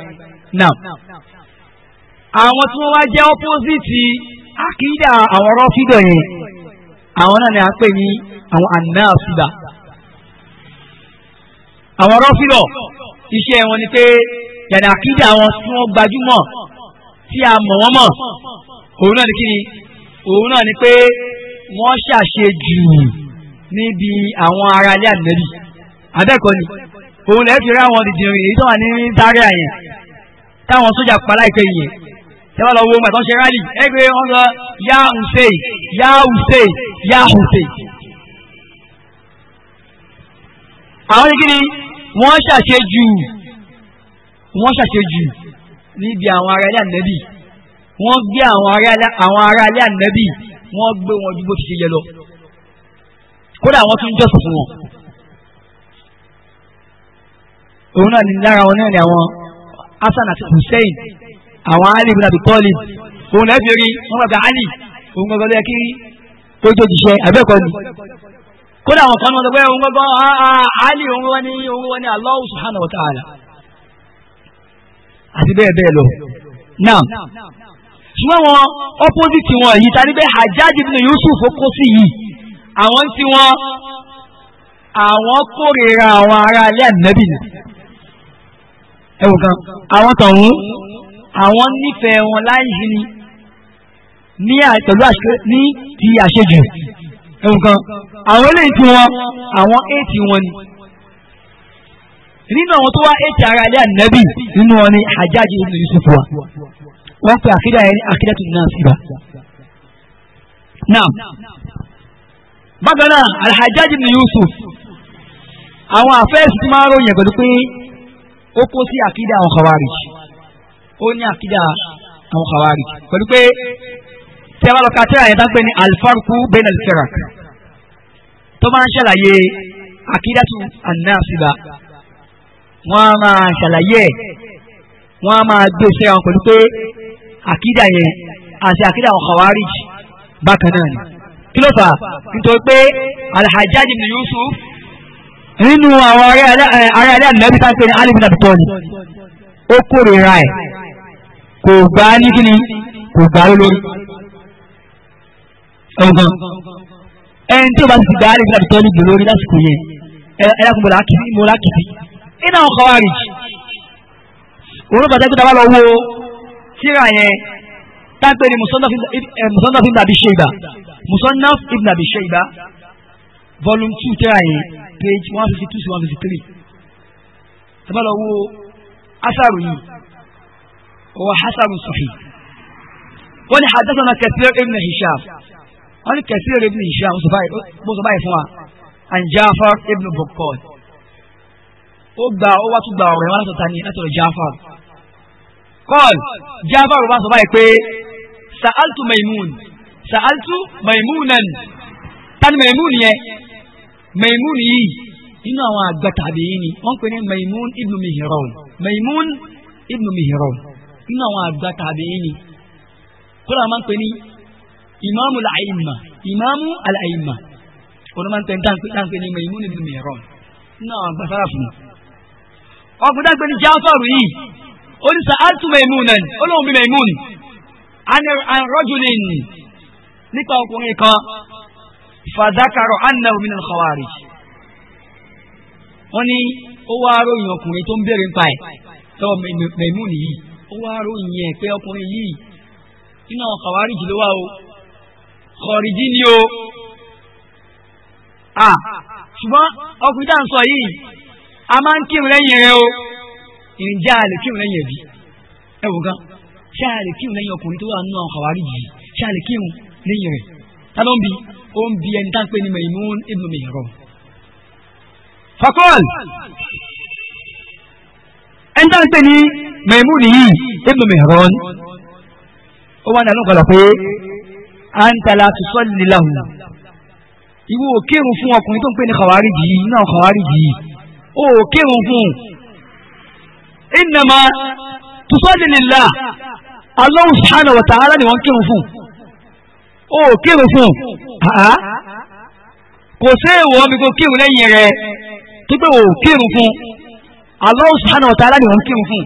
now àwọn tí wọ́n wá jẹ́ opposite àkídà àwọn ọ̀rọ̀ fídọ̀ yẹn àwọn náà ni à ń pè ní àwọn ànáàfídà àwọn ọ̀rọ̀ fídọ̀ iṣẹ́ wọn ni pé yàrá àkídà àwọn tí wọ́n gbajúmọ̀ tí a mọ̀ wọ́n mọ̀ òun náà ni kí ni òun náà ni pé wọ́n ṣàṣe jù níbi àwọn ará ilé ànábì abẹ́kọ̀ ni òun lẹ́ẹ̀ fi rí àwọn dìdìrín èyí tó wà ní sáré àyẹn táwọn sójà pa láìpẹ́ yìí tẹ́wà lọ wo màtọ́ ṣe rálì ẹgbẹ́ wọn lọ yá ǹṣe yá ǹṣe yá ǹṣe. àwọn ní kíni wọ́n ṣàṣe jù wọ́n ṣàṣe jù níbi àwọn ará ilé ànábì wọ́n gbé àwọn ará ilé ànábì wọ́n gbé wọn ju bó ti ṣe yẹ lọ. kódà àwọn tún jọ́sìn wọn. òun náà ni lára wọn náà ni àwọn Hasan àti Hussein àwọn Ali òun náà fi rí wọn Ali òun gbàgbé ó abẹ́ẹ̀kọ́ ni kódà àwọn ní wọn òun gbàgbọ́ ah, ah, ah, Ali òun wọn ni òun wọn ni Allah subhanahu wa ta'ala àti lọ. ṣùgbọ́n wọn opposite wọn yìí tàbí bẹ́ẹ̀ ibn Yusuf kó sí yìí. àwọn tí wọ́n àwọn kórìíra àwọn ará ilé ànábì ni ẹwù kan àwọn tọ̀hún àwọn nífẹ̀ẹ́ wọn láyìí ni ní pẹ̀lú ní ti àṣejù ẹwù kan àwọn eléyìí tí wọ́n àwọn éètì wọn ni nínú àwọn tó wá éètì ará ilé ànábì nínú wọn ni Hajjaj ibn Yusuf wa wọ́n pe àkídà yẹn ní àkídà tó ní náà síbà bákan náà ni Yusuf àwọn àfẹ́sì tí máa ń ròyìn pẹ̀lú pé ó kó sí àkídà àwọn Khawarij ó ní àkídà àwọn Khawarij pẹ̀lú pé tí a bá lọ ka tẹ́lẹ̀ àyẹ̀dá pé ní al-farqu bayna al-firaq tó máa ń ṣàlàyé àkídàtú an-nasiba wọ́n á máa ṣàlàyé ẹ̀ wọ́n á máa gbé iṣẹ́ wọn pẹ̀lú pé àkídà yẹn àti àkídà àwọn Khawarij bákan náà ni kí ló fà nítorí pé Al-Hajjaj Yusuf nínú àwọn ará ilé eh, ànábì tá ń ní Ali ibn Abi Talib ó kórìíra ẹ̀ kò gbá ní kíni kò gbá lórí ọ̀gán ẹni tí o bá ti gba Ali ibn Abi Talib lórí lásìkò yẹn ẹ̀rọ kò mọ̀ lákìtì nínú àwọn Khawarij òun ló bàtà pé tá a bá lọ wo síra yẹn táǹpẹ́ ni musonaf eh, ibn abi shayba musonaf ibn abi shayba volume two tẹ́ra yẹn page one fifty two sí one fifty three ẹ bá lọ wo asaru yìí ọwọ hasaru sahih wọ́n ní hadathana kathir ibn hisham wọ́n ní kathir ibn hisham bó sọ báyìí fún wa an jafar ibn bukkod ó gba ó wá tún gba ọ̀rọ̀ ẹ̀ wọ́n látọ̀ta ní látọ̀rọ̀ jafar kọ́ọ̀l jafar bá sọ báyìí pé sa'altu maimun sa'altu maimunan tani maimun yẹn maimun yìí inú àwọn àgbà tàbí yìí ni wọ́n pè ní maimun ibnu mihran maimun ibnu mihran inú àwọn àgbà tàbí yìí ni kó lóun máa ń pè ní imaamu al-a'imma imaamu al-a'imma wọn máa ń pè maimun ibnu mihran inú àwọn àgbà sára fún un ọkùnrin dáńpé ní jáfàrù yìí ó ní sa'altu maimunan ó lóun bí maimun anrọ́júlẹ̀ nì nípa ọkùnrin kan fàdákàrọ̀ annahu min al-khawarij wọ́n ní ó wá ròyìn ọkùnrin tó ń bèèrè nípa ẹ̀ tọ́ mẹ̀mú nìyí ó wá ròyìn ẹ̀ pé ọkùnrin yìí nínú àwọn khawarij ló wà o kọ̀rìjì ni o à ṣùgbọ́n ọkùnrin tá à ń sọ yìí a máa ń kírun lẹ́yìn rẹ o ìrìnjà lè kírun lẹ́yìn ẹ̀bí ẹ̀wọ̀n gan ṣáàlì kírun lẹ́yìn ọkùnrin tó wà nínú àwọn àwárí yìí ṣáàlì kírun lẹ́yìn rẹ̀ ta ló ń bi ó ń bi ẹni tá ń pè ní Maimun ibn Mihran. fakọ́ọ̀lì ẹni tá ń pè ní Maimun yìí ibn Mihran ó wá dànù kọlọ pé àǹtàlà tusalli lahu ìwọ ò kírun fún ọkùnrin tó ń pè ní àwárí yìí náà àwárí yìí ó fún un innama tusalli Allah subhanahu wa ta'ala ni wọ́n kírun fún ó kírun fún kò séèwọ̀ mi kò kírun lẹ́yìn rẹ̀ tó pé ò kírun fún Allah subhanahu wa ta'ala ni wọ́n kírun fún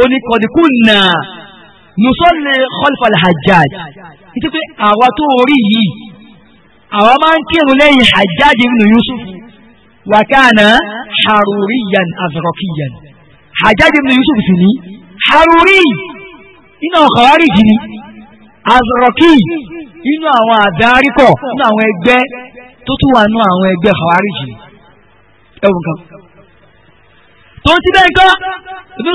ó ní kọ̀díkù náà nùsọ́lẹ̀ khalfal hajjaj títí pé àwa tó orí yìí àwa máa ń kírun lẹ́yìn hajjaj ibn Yusuf wa haruriyan azrakiyan hajjaj ibn Yusuf sì ní haruri. Inu àwọn kàwárìjì ni azọrọkì nínú àwọn àdáríkọ nínú àwọn ẹgbẹ́ tó tún wà nínú àwọn ẹgbẹ́ kàwárìjì ni ẹwùn kan. tó ti bẹ́ẹ̀ kọ́ lè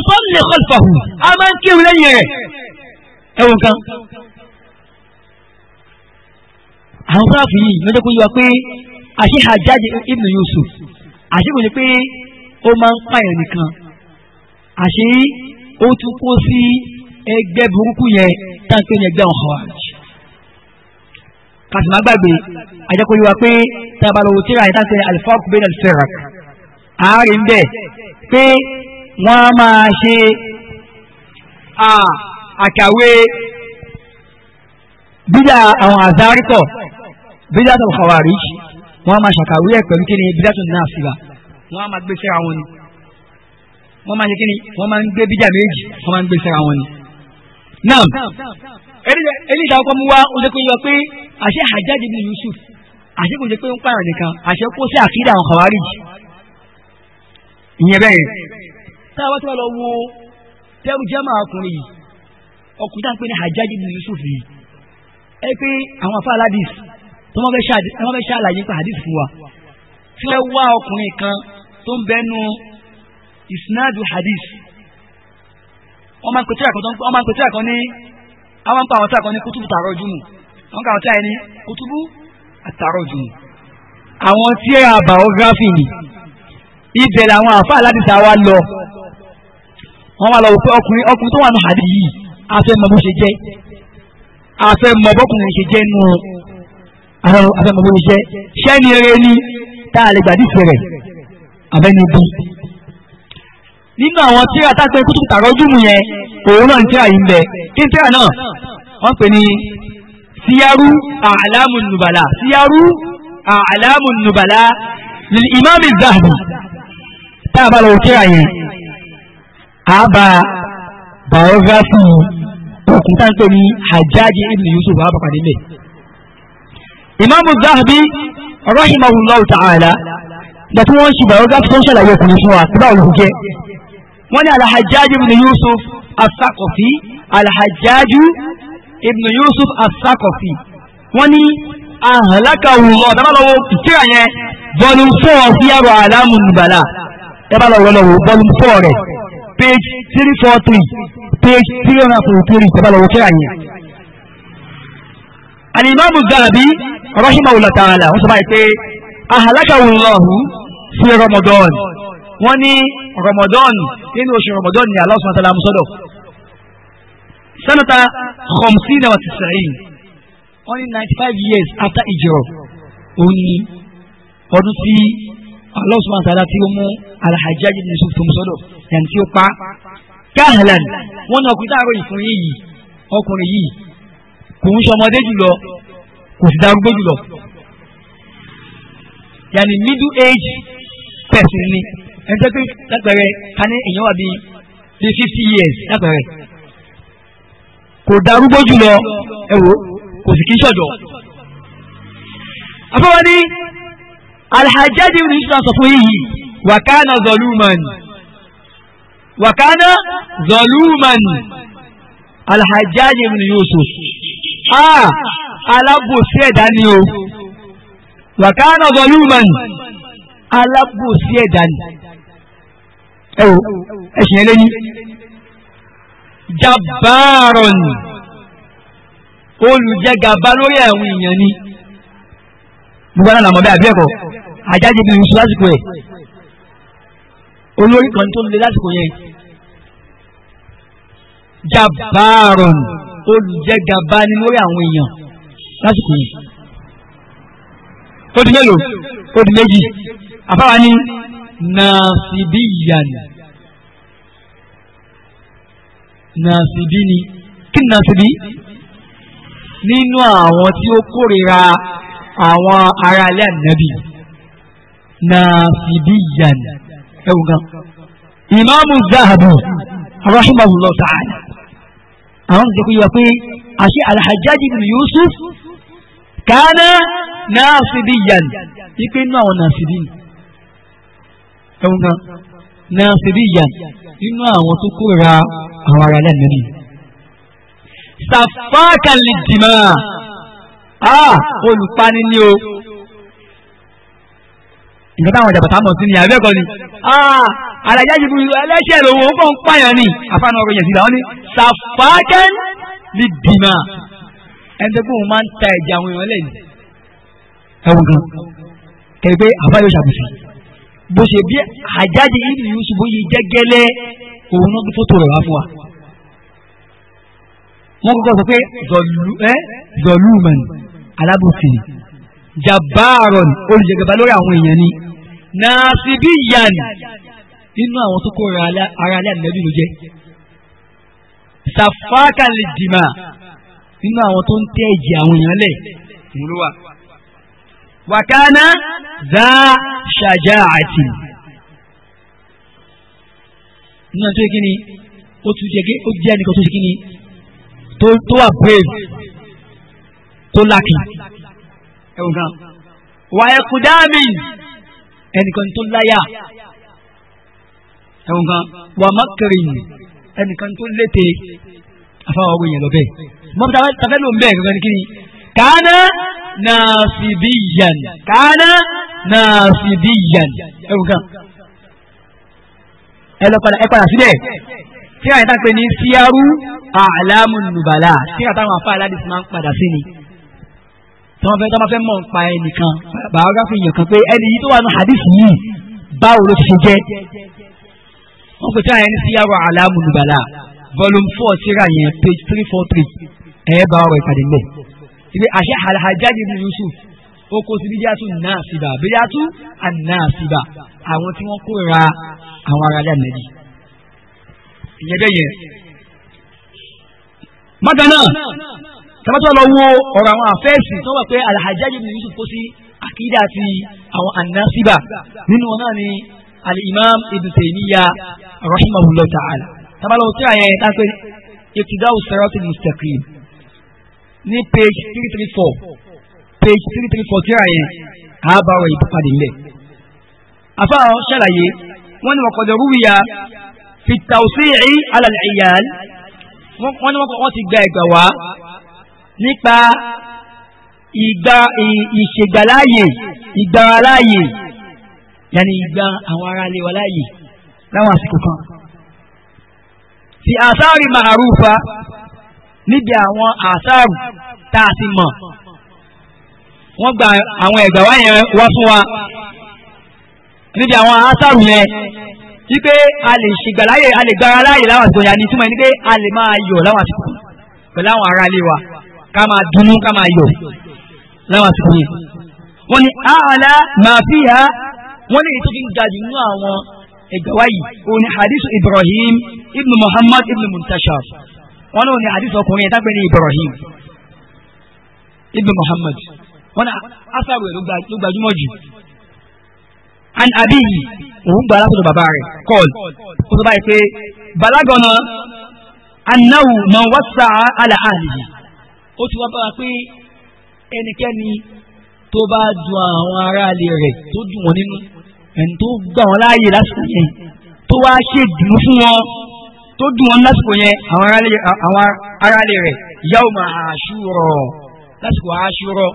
a máa ń kéwì lẹ́yìn rẹ̀ ẹwùn kan. àwọn sáàfù yìí lọ́jọ́ kó yí wa pé àṣé Hajjaj Yusuf àṣé kò pé ó máa ń pààyàn nìkan àṣé ó tún kó sí. ẹgbẹ́ burúkú yẹn táǹpé ní ẹgbẹ́ Khawarij. kàtìmá gbàgbé àjẹkọ̀ọ́ yìí wá pé tábàlọ̀ wò tíra yẹn táǹpé al-farq bayna al-firaq. àárín bẹ́ẹ̀ pé wọ́n á máa ṣe àkàwé bídà àwọn àzárìkọ̀ bídà tó Khawarij wọ́n á máa ṣàkàwé ẹ̀ pẹ̀lú kí ni bídà tó náà fi wọ́n á máa gbé síra wọn ni wọ́n máa ṣe kí ni wọ́n máa ń gbé bídà méjì wọ́n máa ń gbé síra wọn ni náà eléyìí dáwọ́ kọ́ mú wá ó jẹ́ pé yọ pé àṣẹ Hajjaj ibn Yusuf àṣẹ kò jẹ́ pé ń pààyàn nìkan àṣẹ kó sí àkídà àwọn Khawarij ìyẹn bẹ́ẹ̀ táwa tí wọ́n lọ wo tẹ́rù jẹ́mà ọkùnrin yìí ọkùnrin táwọn pé ní Hajjaj ibn Yusuf yìí ẹ pé àwọn afá aládìs tó wọ́n fẹ́ ṣàlàyé nípa hadith fún wa tí wọ́n wá ọkùnrin kan tó ń bẹ́nu isnadu hadith wọ́n máa ń pètè àkàn wọ́n máa ní àwọn ń pa àwọn tí àkàn ní kútùbù tààrọ̀ jùmù wọ́n kà àwọn tí àyẹ̀ni kútùbù àtàrọ̀ jùmù. àwọn tí ẹ biography ni ibẹ̀ làwọn àfa aládìsá wa lọ wọ́n wá lọ wò pé ọkùnrin ọkùnrin tó wà ní hàdí yìí a fẹ́ mọ bó ṣe jẹ́ a mọ bọ́kùnrin ṣe jẹ́ nù a mọ bó ṣe jẹ́ ṣẹ́ni eré ni tá a lè gbàdí ìfẹ́ abẹ́ni bíi nínú àwọn tíra tápẹ́ kútù tàrọ́jùmù yẹn òun náà ní tíra yìí ń bẹ kí n tíra náà wọ́n pè ní siyaru alamu nubala siyaru alamu nubala lil imami zahabi tá a bá lọ tíra yẹn a bá biography òkun tá n pè ní hajjaji ibn yusuf a bá imaamu zahabi rahimahullahu ta'ala gbàtí wọ́n ń ṣe biography tó ń ṣàlàyé ọkùnrin fún wa tí báwo ló jẹ́ wọ́n ní alhajjaj ibn yusuf asakọ̀fí alhajjaj ibn yusuf asakọ̀fí wọ́n ní ahàlákà wùlọ dábàlọ́wọ́ tíra yẹn volume four sí yàrá alamu nubala dábàlọ́wọ́ lọ́wọ́ volume rẹ̀ page three four three page three hundred and three dábàlọ́wọ́ tíra yẹn. alimami zahabi rahimahullah wọ́n sọ báyìí pé ahàlákà wùlọ fi ramadan wọ́n ní rọmọdọ́ọ̀nù nínú oṣù rọmọdọ́ọ̀nù ni Allah subhanahu wa ta'ala mú sọ́dọ̀ sanata khamsina wa tisa'in ninety five years after ìjọ òun ni ọdún tí Allah subhanahu wa ta'ala tí ó mú Al-Hajjaj ibn Yusuf tó mú sọ́dọ̀ yàtí tí ó pa káhìlán wọ́n ní ọkùnrin táàrọ̀ ìfún yìí ọkùnrin yìí kò ń ṣọmọdé jùlọ kò sì darúgbó jùlọ yàní middle age person ni ẹ̀ńtẹ́ pé lápẹ̀rẹ̀ ká ní èèyàn wà bíi bíi fifty years lápẹ̀rẹ̀ kò darúgbó jùlọ ẹ wò kò sì kí sọ̀dọ̀. afọwọ́ ní alhajjadi ibn yusuf sọ fún yìí wàkánà zọlúmọ̀n wàkánà zọlúmọ̀n alhajjadi ibn yusuf ah alábòsí ẹ̀dá ni o wàkánà zọlúmọ̀n alábòsí ẹ̀dá ni ẹ wò ẹ̀sìn eléyìí ni olùjẹgàba lórí àwọn èèyàn ni gbogbo náà làmọ́ bẹ́ẹ̀ àbí ẹ̀kọ́ àjáde bíi oṣù lásìkò ẹ̀ olórí kan tó le lásìkò yẹn jabbaarọ̀ ni olùjẹgàba ni lórí àwọn èèyàn lásìkò yẹn ó di mélòó ó di méjì àfáwa ni nasibiyan nasibi ni kí ni nasibi nínú àwọn tí ó kórìíra àwọn aráalé ànábì nasibiyan ẹ̀wùn kan ìmáàmù zahabu rahimahullah ta'ala àwọn ìjọba yìí wà pé àṣẹ alhajjaj ibn yusuf kánà nasibiyan ipe náà nasibi ni ẹ̀wọ̀n gan náà ṣe bí ìyá nínú àwọn tó kóra àwọn ará lẹ́nu ni. sàfáàkàlì dìmọ̀ a olùpani ni o ìgbà táwọn ìjàpàtà mọ̀ sí ni àbẹ́kọ̀ ni àlàyé ìbú ẹlẹ́ṣẹ̀ lòun ó kàn ń pààyàn ni àfààní ọkọ̀ yẹn sí làwọn ni sàfáàkàn lè dìmà ẹ̀ńdẹ́gbẹ́ òun máa ń ta ẹ̀jẹ̀ àwọn èèyàn lẹ́yìn ẹ̀wù gan kẹ̀gbẹ́ àbáyọ ṣàbùsùn bó ṣe bí àjáde ìlú Yusuf bó ṣe jẹ́ gẹ́lẹ́ òun náà tó tó rẹ̀ wá fún wa. wọ́n kọ́kọ́ sọ pé zọlúmọ̀n alábòsìn jabaron olùjẹgàba lórí àwọn èèyàn ni nàásìbíyàn nínú àwọn tó kó ara alẹ́ ànábì ló jẹ́ sàfákàlì dìmà nínú àwọn tó ń tẹ́ ẹ̀jẹ̀ àwọn èèyàn lẹ̀ òun ló wàkánà dá ṣàjáàtì nínú tó yẹ kí ni ó tún jẹ́ ó jẹ́ ẹnìkan tó ṣe kí ni tó wà brave tó lákì ẹ̀wọ̀n kan wàyẹ̀ kùdámì ẹnìkan tó láyà ẹ̀wọ̀n kan wà mọ́kìrìn ẹnìkan nasibiyan kana nasibiyan ẹ̀wùn kan ẹ lọ padà ẹ padà sílẹ̀ tí a yẹ tán pé ní síyárú àlámù nùbàlà tí a táwọn afá aládìsí máa ń padà sí ni tí wọ́n fẹ́ tí wọ́n fẹ́ mọ̀ ń pa ẹnìkan biography yẹn kan pé ẹni yìí tó wà ní hadith yìí báwo ló ti ṣe jẹ́ wọ́n pè tí a yẹ ní síyárú àlámù nùbàlà volume four síra yẹn page three four three ẹ̀ bá ọ̀rọ̀ ìpàdé mẹ́ẹ̀ ibi àṣẹ Al-Hajjaj ibn Yusuf ó kó sí bídíàtú nàásìbà bídíàtú ànàásìbà àwọn tí wọ́n kóra àwọn aráàlú ànàbì ìyẹn bẹ́ẹ̀ yẹn. bákan náà tabatọ́ lọ wo ọ̀rọ̀ àwọn àfẹ́ẹ̀sì tó wà pé Al-Hajjaj ibn Yusuf kó sí àkídà àti àwọn ànàásìbà nínú wọn náà ni al-Imam Ibn Taymiyyah rahimahullah ta'ala tabalọ̀ tí a yẹn tá a pé ibtidaa'u sirati mustaqim ní page three three four page three three four tíra yẹn àbáwọ̀ ìbúpadì ńlẹ̀. àfáà ṣàlàyé wọ́n ní wọ́n kọjọ rúwìyà fi tàwùsíì alàlẹ́ ìyàl wọ́n ní wọ́n kọ́ ti gba ẹ̀gbà wá nípa ìgbà ìṣègbàláyè ìgbàláyè yàní ìgbà àwọn ará ilé wa láyè láwọn àsìkò kan. fi àsáàrì màrúfa níbi àwọn àṣàrù tá a ti mọ̀ wọ́n gba àwọn ẹ̀gbà wá yẹn wá fún wa níbi àwọn àṣàrù yẹn wípé a lè ṣègbàláyè a lè gbára láàyè láwọn àsìkò yẹn àníṣúmọ̀ ni pé a lè máa yọ̀ láwọn àsìkò pẹ̀lú àwọn ará ilé wa ká máa dunnú ká máa yọ̀ láwọn àsìkò wọ́n ní àhàlà màá fi hà wọ́n ní ètò ìgbà jù nínú àwọn ẹ̀gbà wáyì òun hadith Ibrahim ibn Muhammad ibn Muntashar wọn náà ní àdìsọ ọkùnrin ẹ̀dá gbẹ́ni Ibrahim ibn Muhammad wọn náà asaru ẹ̀ ló gbajúmọ̀ jù an abiyi òun gba alákòóso bàbá rẹ̀ kọ́ọ̀l ó sọ báyìí pé balagana annahu man wasa ala alihi ó ti wá bá wa pé ẹnikẹ́ni tó bá ju àwọn aráalé rẹ̀ tó dùn wọn nínú ẹni tó gbà wọn láàyè lásìkò yẹn tó wá ṣèdùnú fún wọn tó dùn wọn lásìkò yẹn àwọn aráàlú rẹ̀ yàwó máa àṣúrọ̀ lásìkò àṣúrọ̀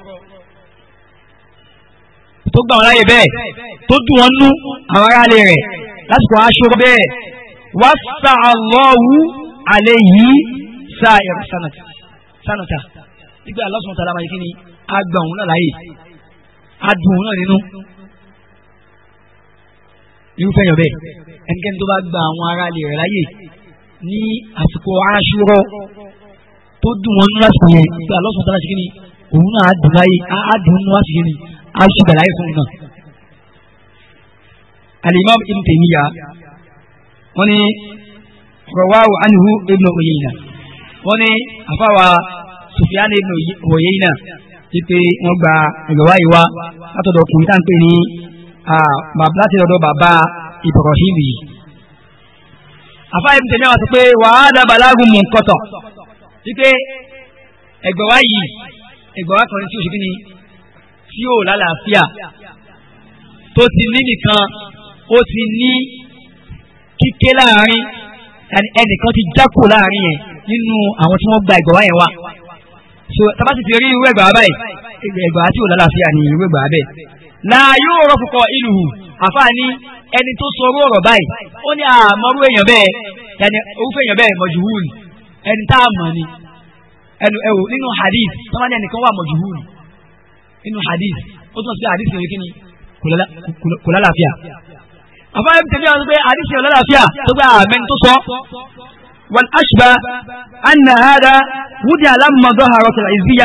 tó gbà wọn láyè bẹ́ẹ̀ tó dùn wọn nú àwọn aráàlú rẹ̀ lásìkò àṣúrọ̀ bẹ́ẹ̀ wá sa àlọ́wù alẹ́ yìí sa ẹ̀rọ sanata nígbà lọ́sùn tàlà máa yẹ kí ni àgbà òun náà láyè adùn òun náà nínú irúfẹ́ yọ̀ bẹ́ẹ̀ ẹnikẹ́ni tó bá gba àwọn aráàlú rẹ̀ láyè ní àsìkò aṣúrọ tó dùn wọn nínú àsìkò yẹn pé alọ́sùn tàbí àṣìkò ni òun náà dùn láyé á dùn nínú àsìkò ni á sì gbà láyé fún un náà. alimam ibn taymiya wọn ni rawahu anhu ibn uyayna wọn ni àfàwà sufyan ibn uyayna wípé wọn gba ìgbàwá yìí wá látọ̀dọ̀ kùnrin tá à pè ní bàbá láti ọ̀dọ̀ bàbá ibrahim yìí àfáà ibi tèmi àwọn sọ pé wàhálà balagun mú nkọtọ wípé ẹgbẹ́ wa yìí ẹgbẹ́ wa kan tí o ṣe kí ni tí o lálàáfíà tó ti ní nìkan ó ti ní kíké láàrin ẹnìkan ti jákò láàrin yẹn nínú àwọn tí wọ́n gba ẹgbẹ́ wa yẹn wá so tabasi ti rí irú ẹgbẹ́ wa báyìí ẹgbẹ́ tí o lálàáfíà ni irú ẹgbẹ́ bẹ́ẹ̀. láàyò rọ́fùkọ ìlú àfààní ẹni tó sọ orú ọ̀rọ̀ báyìí ó ní àmọ́rú èèyàn bẹ́ẹ̀ yàní orúfẹ́ èèyàn bẹ́ẹ̀ mọ̀jùhùn ẹni tá a ni ẹnu ẹwò nínú hadith tọ́wọ́ ní ẹnìkan wà mọ̀jùhùn nínú hadith ó tún sọ hadith yẹn kíni kò lálàáfíà àfààní tẹ̀lé wọn pé hadith yẹn lálàáfíà tó gbé àmẹ́ni tó sọ wal anna hada wúdi ìzíyà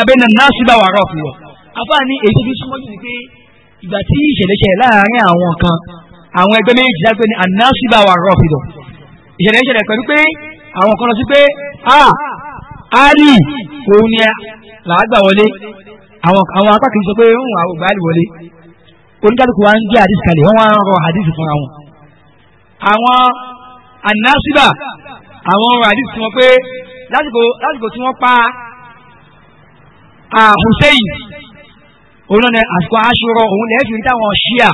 ìgbà tí ìṣẹ̀lẹ̀ ṣẹlẹ̀ láàárín àwọn kan àwọn ẹgbẹ́ méjì dágbé ní anásíbà wà rọ́ọ̀fìdọ̀ ìṣẹ̀lẹ̀ ìṣẹ̀lẹ̀ pẹ̀lú pé àwọn kan lọ sí pé a ali òun ni làágbà wọlé àwọn apá kìí sọ pé ń wà ògbà ali wọlé oníkálukú wa ń gbé àdìsí kalẹ̀ wọ́n wá ń rọ àdìsí fúnra wọn. àwọn anásíbà àwọn ọ̀rọ̀ àdìsí wọn pé lásìkò tí wọ́n pa Hussein òun náà àsìkò aṣọrọ òun lẹ́ẹ̀fì ní táwọn ṣíà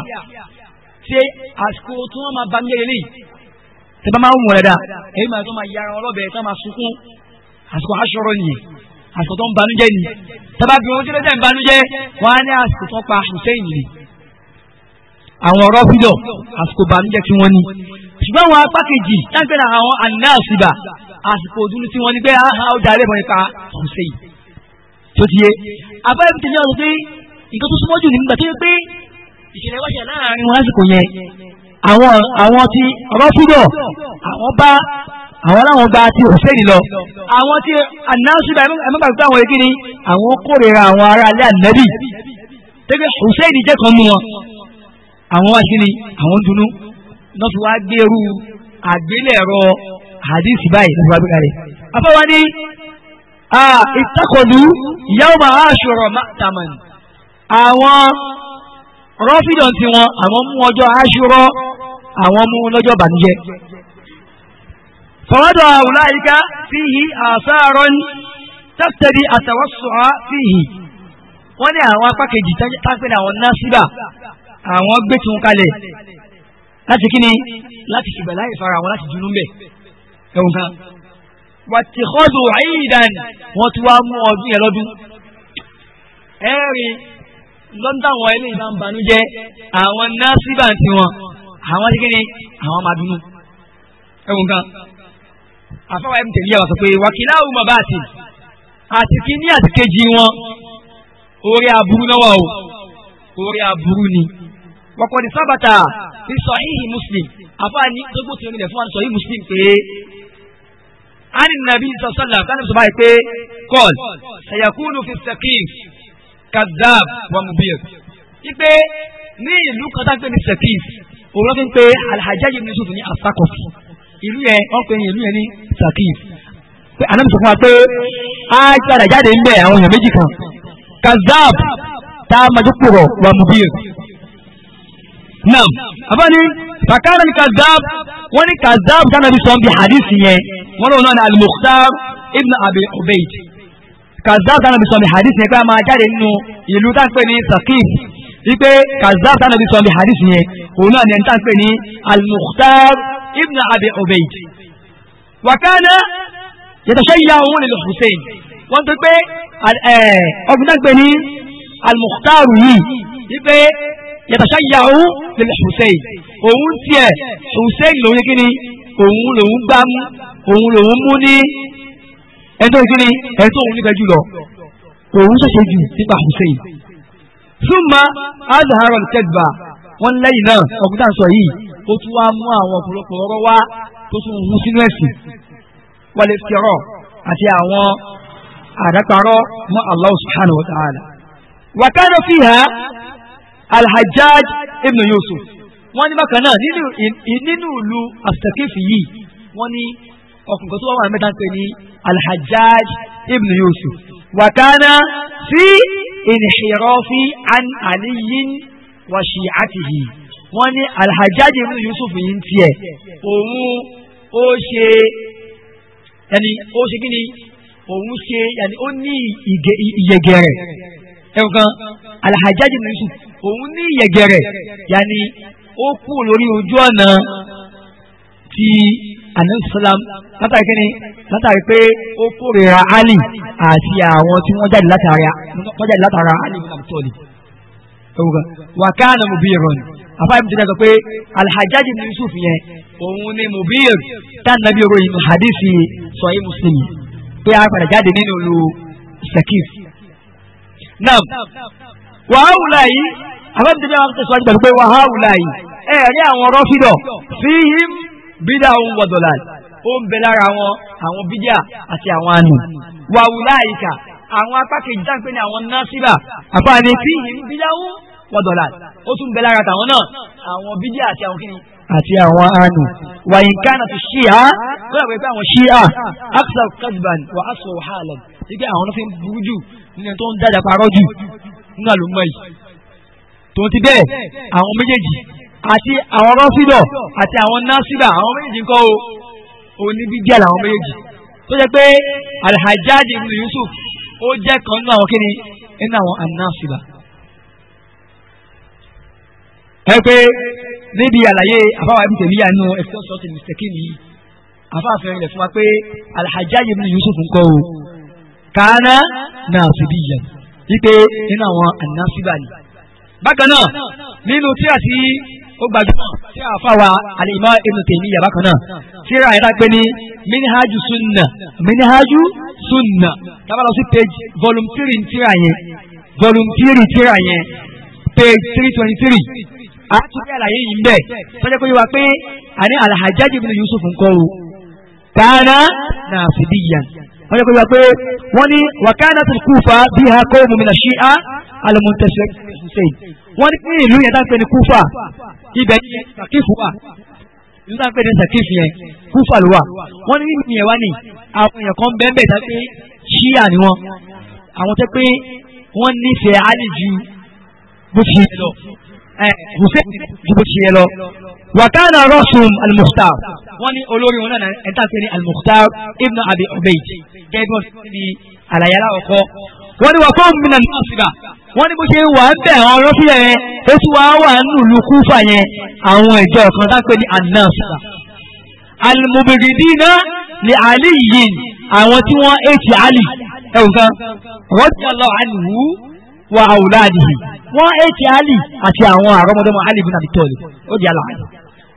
ṣe àsìkò tí wọ́n máa bá ń yẹlẹ yìí tí wọ́n máa ń wọ̀n dáadáa èyí máa tó máa yára ọlọ́bẹ̀ tó máa sunkún àsìkò aṣọrọ nìyẹn àsìkò tó ń banújẹ́ ni tàbá bí wọn tẹ́lẹ̀ tẹ́ ń banújẹ́ wọn á ní àsìkò tó pa Hussein ni àwọn ọ̀rọ̀ fídọ̀ àsìkò banújẹ́ tí wọ́n ní ṣùgbọ́n àwọn apá kejì táǹpẹ́ àwọn àníláàsìbà nǹkan tó súnmọ́ jù nígbà tó yẹ pé ìṣẹ̀lẹ̀ wáṣẹ̀ láàrin wọn lásìkò yẹn àwọn àwọn ti ọba fúdọ̀ àwọn bá àwọn aláwọn gba ti òṣèlú lọ àwọn ti anásùdà ẹmọ́gbàgbọ́ àwọn ẹgbẹ́ ni àwọn kórìíra àwọn ará alẹ́ ànẹ́bì tẹ́gbẹ́ òṣèlú jẹ́ kan mú wọn àwọn aṣíní àwọn dunú lọ́fi wá gbèrú àgbélẹ̀rọ hadith báyìí lọ́fi wá gbé kalẹ̀ afọwọ́ ni ìtakọ̀lù yawma Ashura ma'taman àwọn rọ́fìdàn tí wọn àwọn mú ọjọ́ aṣúrọ́ àwọn mú lọ́jọ́ bànújẹ́ fọwọ́dọ̀ àwùláyíká fíhì àṣàrọ̀ tẹ́tẹ̀rí àtàwọ́sọ̀á fíhì wọ́n ní àwọn apá kejì tápẹ́lẹ̀ àwọn násíbà àwọn gbé tún kalẹ̀ láti kí ni láti ṣùgbẹ̀ láì fara àwọn láti dúró mbẹ̀ ẹ̀wọ̀n kan wàtíkọ́dù àìdàn wọ́n tún wá mú ọdún yẹn lọ́dún ẹ̀rin lọ́ńdà wọn eléyìí bá ń banújẹ́ àwọn násìbà ti wọn àwọn ti kíni àwọn máa dunú. ẹ̀wọ̀n kan àfáwà ẹ̀ ń tẹ̀lé àwọn sọ pé wàkìlá òun bàbá àti àti kíní àti kejì wọn orí aburú náà wà o orí aburú ni. wọ́pọ̀ ní sábàtà ní sọ̀híhì muslim àfáà ní tókù tí ó nílẹ̀ fún wa ní sọ̀híhì muslim pé ani nabi sallallahu alaihi wasallam kana pé kọ́ọ̀l sayakunu fi sakim kazab wamubir ipe ní ìlú kan tá a pè ní Saqif òun ló fi ń pe Al-Hajjaj ibn Yusuf ní As-Saqafi ìlú yẹn wọ́n pe ìlú yẹn ní Saqif pé anam sọ fún wa pé a padà jáde ńbẹ àwọn èèyàn méjì kan kazab tá a máa dúpọ̀ rọ̀ wamubir naam abani fakara ni kazab wọ́n ní kazab tánàbí sọ ń hadith yẹn wọ́n lọ́wọ́ náà ni al ibn Abi Ubayd kazab tánàbí sọ̀bi hadith yẹn pé a máa jáde nínú ìlú táǹpẹ́ ní sakif wípé kazab tánàbí sọ̀bi hadith yẹn òun náà ní ẹni táǹpẹ́ ní al-mukhtar ibn abi obeid wakana yàtọ̀ṣẹ́yà òun lè lọ hussein wọ́n tó pé ọdún táǹpẹ́ ní al-mukhtar yìí wípé yàtọ̀ṣẹ́yà òun lè lọ hussein òun tiẹ̀ hussein lòun yẹ kí ni òun lòun gbá ẹ̀tọ́ ìkíni ẹ̀tọ́ òun nífẹ̀ẹ́ jùlọ òun ṣẹ̀ṣẹ̀ jù nípa àṣìṣe yìí. súnmọ́ azahara kẹgbà wọn lẹ́yìn náà ọ̀gbìn àṣọ yìí ó tún wá mú àwọn ọ̀pọ̀lọpọ̀ ọ̀rọ̀ wá tó tún hun sínú ẹ̀sìn wọlé fìrọ̀ àti àwọn àdáparọ́ mọ́ Allah subhanahu wa ta'ala. wàkàdà fiha alhajjaj ibn yusuf wọ́n ní bákan náà nínú ìlú àṣàkẹ́fì yìí wọ́n ní ọkùnrin tó wà mẹ́ta ń pè ní alhajjaj ibn yusuf wàkánà sí inhirafi an aliyin wa shi'atihi wọ́n ní alhajjaj ibn yusuf yìí ń tiẹ̀ òun ó ṣe ẹni ó ṣe kí ni òun ṣe yàní ó ní ìyẹgẹrẹ ẹnìkan alhajjaj ibn yusuf òun ní ìyẹgẹrẹ yàní ó kú lórí ojú ọ̀nà ti anabisalam látàrí kí ni látàrí pé ó kórìíra ali àti àwọn tí wọ́n jáde látara wọ́n jáde látara ali bin abutoli ewúrẹ́ wà káàna mubiirun afáàbí ti dàgbà pé alhajjaj yusuf yẹn òun ni mubiir tánàbí ròyìn hadisi sọyí muslimi pé a padà jáde nínú lu sakif naam wàhálà yìí afáàbí dàgbà pé wàhálà yìí ẹ̀ rí àwọn rọ́fìdọ̀ fíhìm bídà òun wọ̀dọ̀là ó ń bẹ lára wọn àwọn bídà àti àwọn ànú wàhùlà àyíká àwọn apá kejì dáńpé ní àwọn násìbà àfààní tí ìhìn bídà òun wọ̀dọ̀là ó tún bẹ lára tàwọn náà àwọn bídà àti àwọn kíni àti àwọn ànú wàyìn kánà ti ṣíà wọ́n àgbẹ̀ pé àwọn ṣíà aksa kadban wà á sọ wàhálà sí pé àwọn fi ń burú jù nínú tó ń dájà parọ́ jù nínú àlùmọ́ yìí tó ti bẹ́ẹ̀ àwọn méjèèjì àti àwọn rọ́fídọ̀ àti àwọn násídà àwọn méjì ń kọ́ o oníbídíà làwọn méjì tó jẹ́ pé Al-Hajjaj ibn Yusuf ó jẹ́ kan nínú àwọn kíni nínú àwọn anásídà. ẹ pé níbi àlàyé àfáwà ibi tèmi yànnú ẹ̀fọ́ sọ́ọ̀tì mùsítẹ́kìn yìí àfáàfẹ́ rẹ̀ fún wa pé Al-Hajjaj ibn Yusuf ń kọ́ o kàánà nasibiyan wípé nínú àwọn anásídà ni. bákan náà nínú tí àti ó gbajúmọ̀ tí a fáwa àlèmá ibnu tèmíyà bákan náà tí ra ẹ̀dá pé ní minhaju sunna minhaju sunna tábà lọ sí page volume three ń tíra yẹn volume three tíra yẹn page three twenty three àtúntò àlàyé yìí ń bẹ̀ tọ́jà pé wá pé àní alhajjaj ibn yusuf ń kọ́ o kàánà náà fìdíyàn wọ́n yẹ kó yọ pé wọ́n ní wàkánà tó kúfà bí ha kọ́ òmùmí nà ṣí á alùmùtẹ̀sẹ̀ ṣe wọ́n ní ní ìlú yẹn dáńpẹ́ ní kúfà ibẹ̀ yẹn sàkífù wà ìlú dáńpẹ́ ní sàkífù yẹn kúfà ló wà wọ́n ní nínú yẹn wá ní àwọn èèyàn kan bẹ́ẹ̀ bẹ́ẹ̀ dáńpẹ́ ṣíà ni wọ́n àwọn tẹ́ pé wọ́n nífẹ̀ẹ́ Àlì ju bó ṣe yẹ lọ Hussein ju bó ṣe yẹ lọ wakana rosum almukhtar wọ́n ní olórí wọn náà ẹ̀ta pé ní almukhtar ibn abi obeid gẹ́gẹ́ bí wọ́n ti di àlàyé aláwọ̀ kọ́ wọ́n ní wakọ́ mi nà ní ọ̀sìgà wọ́n ní bó ṣe ń wà ń bẹ̀ àwọn ọlọ́fíà yẹn ó tún wá wà nílùú kúfà yẹn àwọn ìjọ kan dápẹ́ ní anásà almubidina ni ali yìí àwọn tí wọ́n èkì ali ẹ̀wùn kan wọ́n ti lọ àlùú wa àwùláàdìhì wọ́n èkì ali àti àwọn àrọ́mọdọ́mọ ali bin abi tọ́lù ó di àlà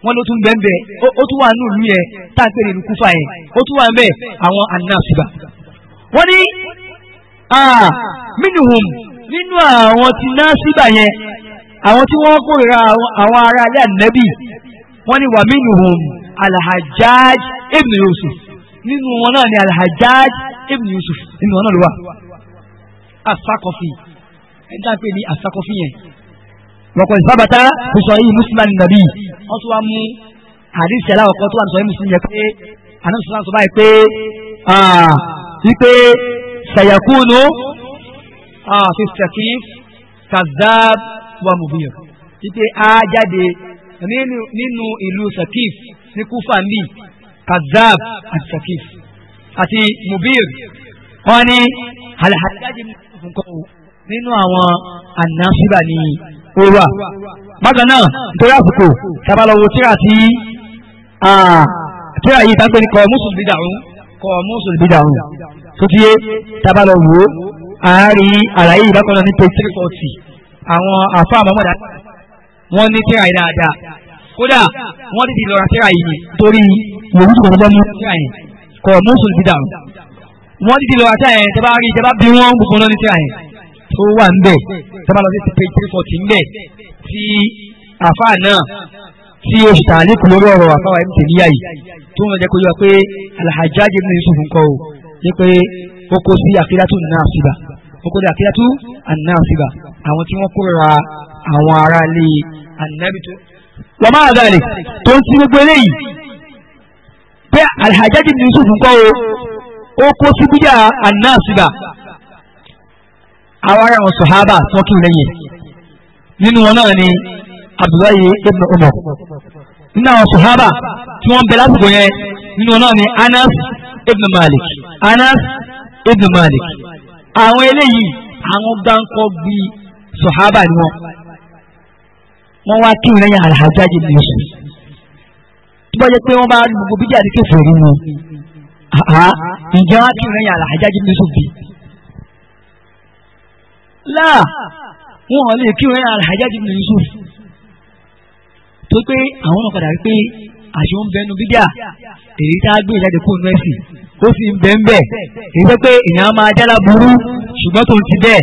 wọ́n ló tún bẹ́ẹ̀ ó tún wà nílùú yẹn táàpẹ́ nílùú kúfà yẹn ó tún wà ń bẹ̀ àwọn anásà wọ́n ní ah, minuhum nínú àwọn tí náà síbà yẹn àwọn tí wọ́n kórìíra àwọn ará ayé ànábì wọ́n ní wàmínuhum alhajjaj ibn yusuf nínú wọn náà ni alhajjaj ibn yusuf nínú wọn náà ló wà asakọfi ẹni tá a pè ní asakọfi yẹn wọ́pọ̀ ìsábàtà kò sọ yìí muslim nàbí wọ́n tún wá mú àdìsí aláwọ̀kọ́ tó wà ní yìí muslim yẹn pé àná sọ báyìí pé ah, wípé sayakunu fi ah, sakif kazab wa mubir ipe a jáde nínú ìlú sakif ní kúfà ní kazab àti sakif àti mubir wọn ni alhajjáde nínú àwọn ànásíbà ní òwà bákan náà nítorí àsìkò tabalọwọ tíra tí tíra yìí tá pé ní kọ̀ọ̀mùsùn bídàrún kọ̀ọ̀mùsùn bídàrún tó ti yé tabalọwọ àárí àlàyé ìbákan náà ní page three forty àwọn àfa àmọ́mọ́dá wọ́n ní tíra yìí dáadáa kódà wọ́n ti di lọ́ra tíra yìí torí yòówù tó kọ́kọ́ mú tíra yìí kọ́ mọ́sùn ti dà wọ́n ti di lọ́ra tíra yìí tẹ́bá rí tẹ́bá bí wọ́n gbogbo náà ní tíra yìí tó wà ń bẹ̀ tẹ́bá lọ sí page three forty ń bẹ̀ tí àfa náà tí o ṣe tààlé kù lórí ọ̀rọ̀ àfáwà ẹ̀mí tèmíyà yìí tó wọn jẹ́ kó yọ pé ọkọ̀dé àkíyàtú ànáàsìbà àwọn tí wọ́n kórira àwọn ará ilé ànábìtú. wọ́n máa dàlẹ̀ tó ń sin gbogbo eléyìí pé alhajaji bin yusuf ń kọ́ o ó kó síbíjà ànáàsìbà àwọn ará wọn sọ̀hábà tí wọ́n kí lẹ́yìn nínú wọn náà ni abdullahi ibn umar nínú àwọn sọ̀hábà tí wọ́n bẹ lásìkò yẹn nínú wọn náà ni anas ibn malik anas ibn malik àwọn eléyìí àwọn gbáǹkọ́ bí sọ̀hábà ni wọ́n wọ́n wá kí ìrẹ́yìn àlàjáde ní oṣù tó bá jẹ́ pé wọ́n bá gbogbo bíjà ní kéfì rí wọn ìjọ wá kí ìrẹ́yìn àlàjáde ní oṣù bí. láà wọn lè kí ìrẹ́yìn àlàjáde ní oṣù tó pé àwọn ọ̀nà rí pé àṣọ ń bẹnu bíjà èyí tá a gbé ìjáde kó nú ẹ̀sìn tó sì ń bẹ́ńbẹ́ kì í sọ pé èèyàn máa jára burú ṣùgbọ́n tó ń ti bẹ́ẹ̀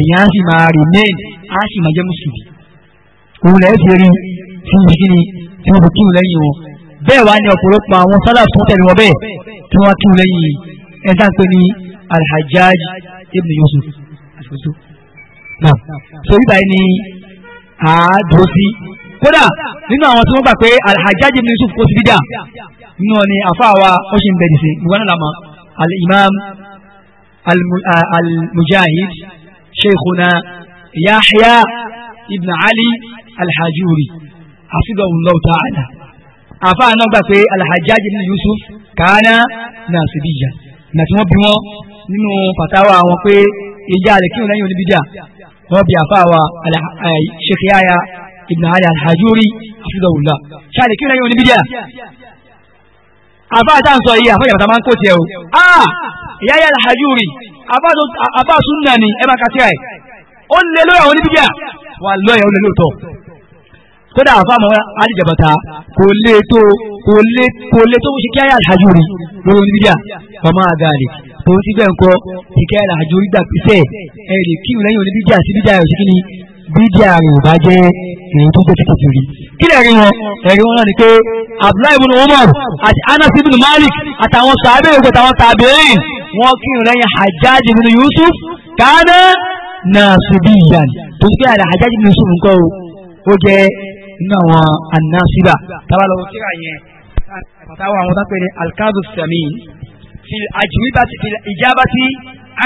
èèyàn á sì máa remain á sì máa jẹ́ mùsùlùmí. òun lẹ́ẹ̀ fi rí tí mo kí ni tí mo kí ni lẹ́yìn wọn. bẹ́ẹ̀ wá ní ọ̀pọ̀lọpọ̀ àwọn sálà tó tẹ̀lé wọn bẹ́ẹ̀ tí wọ́n kí ni lẹ́yìn ẹ̀dá pé ní al ibn Yusuf àṣojú. náà sọ yíba ẹni àádọ́sí kódà nínú àwọn tí wọ́n gbà pé alhajjaj ibn yusuf kò sí bídà nínú ni àfáàwa ó ṣe ń bẹ̀rẹ̀ sí ìwọ náà lamọ al-imam al-mujahid sheikhuna yahya ibn ali alhajuri hafidhahullahu ta'ala àfáà náà gbà pé alhajjaj ibn yusuf kàánà nasibiyya nàti wọ́n bí wọ́n nínú fatawa àwọn pé ìjà rẹ̀ kí wọ́n lẹ́yìn oníbídà wọ́n bí àfáàwa sheikh yahya ibn ali alhajuri afidawula ṣáàlì kí ni yóò ní bídíà àbá àtà ń sọ yìí àfọyà bàtà máa ń kó tiẹ̀ o ah ìyá yà alhajuri àbá sunna ni ẹ máa ka síra ẹ̀ ó lè lóyè àwọn oníbídíà wà lóyè ó lè lóòótọ́ kódà àfa àmọ́ alìjàbàtà kò lè tó kò lè kò lè tó ṣe kí ayé alhajuri lórí oníbídíà ọmọ àgàlè tòun ti bẹ́ẹ̀ ń kọ́ ṣe kí ayé alhajuri gbà pípẹ́ ẹ̀ lè kí ìrẹ́yìn oníbídíà sí bídíà ẹ̀ bídíà rẹ̀ ò bá jẹ́ èyí tó jẹ́ kékeré rí. kí lè rí wọn ẹ̀rí wọn náà ni pé abdullahi ibn umar àti anas ibn malik àtàwọn sàábé òkè àtàwọn tàbíyìn wọn kí n rẹ́yìn hajjaj ibn yusuf kana nasibiyan tó ń pè àdá hajjaj ibn yusuf nǹkan o ó jẹ́ inú àwọn anasiba tábàlọ́ kíra yẹn pàtàkì àwọn tó ń pè ní alkazu sami fi àjùmíbàtì fi ìjábàtì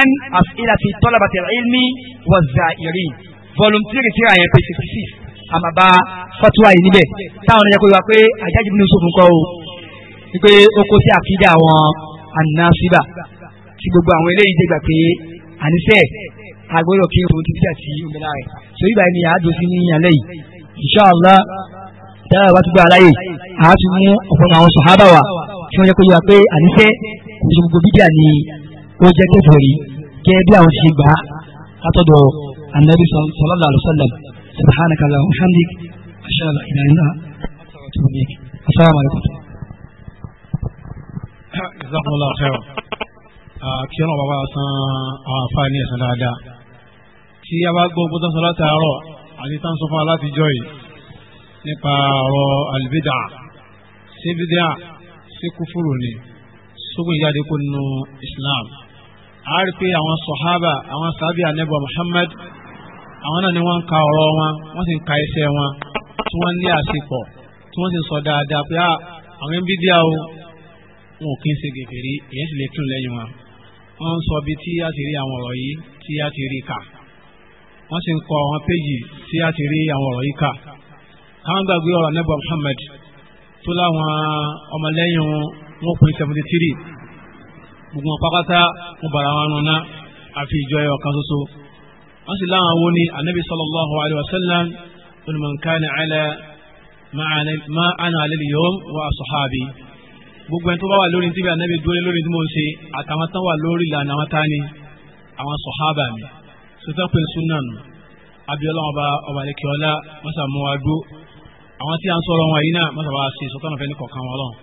an as'ilati talabati al-ilmi wa az-za'irin volume three ti àyẹ̀ page sixty six àmàbà fatuwa yìí níbẹ̀ táwọn ẹ̀yẹ́ kó wá pé àjájú ní oṣù nǹkan o wípé ó kó sí àkídà àwọn ànásíbà tí gbogbo àwọn eléyìí dégbà pé àníṣe àgbọ̀dọ̀ kí irun títí àti ìmọ̀lá rẹ̀ so ibà ni àádọ́ sí ní alẹ́ yìí inṣàlá dára wá ti gbọ́ aláyè àátún mú ọ̀pọ̀ àwọn sàhábà wa tí wọ́n yẹ kó yẹ pé àníṣe kò sí gbogbo bídíà ni ó jẹ́ kẹfẹ́ rí gẹ́gẹ́ bí àwọn ṣe gbà á látọ̀dọ̀ النبي صلى الله عليه وسلم سبحانك اللهم وبحمدك أشهد أن لا إله إلا أنت أستغفرك إليك السلام عليكم جزاكم الله خيرا kí ọlọ́run bàbá san àwọn àfáàní ẹ̀sán dáadáa tí a bá gbọ́ ogun tó ń sọ látàárọ̀ àti tá ń sọ fún wa láti jọ yìí nípa ọ̀rọ̀ àlùbídà ṣé bídà ni sógun ìjáde kó nínú Islam a rí pé àwọn sọ̀hábà àwọn sábìà nẹ́bà Muhammad àwọn náà ni wọ́n ń ka ọ̀rọ̀ wọn wọ́n sì ń ka iṣẹ́ wọn tí wọ́n ní àṣepọ̀ tí wọ́n sì sọ dáadáa pé ah, àwọn ẹbí díà o wọn ò kí ń ṣe gègèrè sì lè tún lẹ́yìn wọn wọ́n ń sọ bí tí a ti rí àwọn ọ̀rọ̀ yìí tí a ti rí kà wọ́n sì ń kọ àwọn péjì tí a ti rí àwọn ọ̀rọ̀ yìí kà káwọn gbàgbé ọ̀rọ̀ tó láwọn ọmọlẹ́yìn wọn pín seventy three gbogbo wọn wọ́n sì láwọn wo ni anabi sallallahu alayhi wa sallam olùmọ̀nkánì ala ma ana alẹ́lẹ́ yom wa asọ̀hábi gbogbo ẹni tó bá wà lórí tíbi anabi dúró lórí tí mo ń ṣe àtàwọn tán wà lórí ìlànà àwọn tání àwọn sọ̀hábà mi sọ́tọ́ pé súnà nù abiola ọba ọba alekiola wọ́n sàmú wa dúró àwọn tí a ń sọ̀rọ̀ wọn yìí náà wọ́n sàmú ṣe sọ́tọ́ ní kọ̀ọ̀kan wọn lọ́wọ́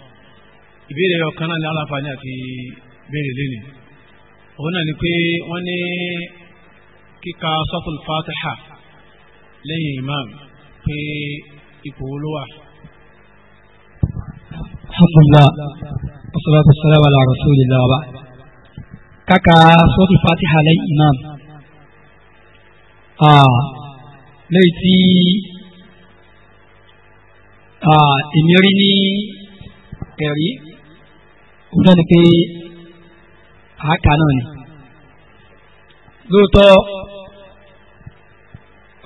ìbéèrè ọ̀kan náà ní aláǹfààní àti béèrè lẹ́nu òun náà ni pé wọ́n ní kíka sọ́tún fatiha lẹ́yìn imam pé ipò olówà. alhamdulillah wasalaatu wasalaamu ala rasulillah wa kaka sọ́tún fatiha lẹ́yìn imam ah, lẹ́yìn tí ah, èmi rí ní ẹ̀rí ó dáni pé àáká náà ni lóòótọ́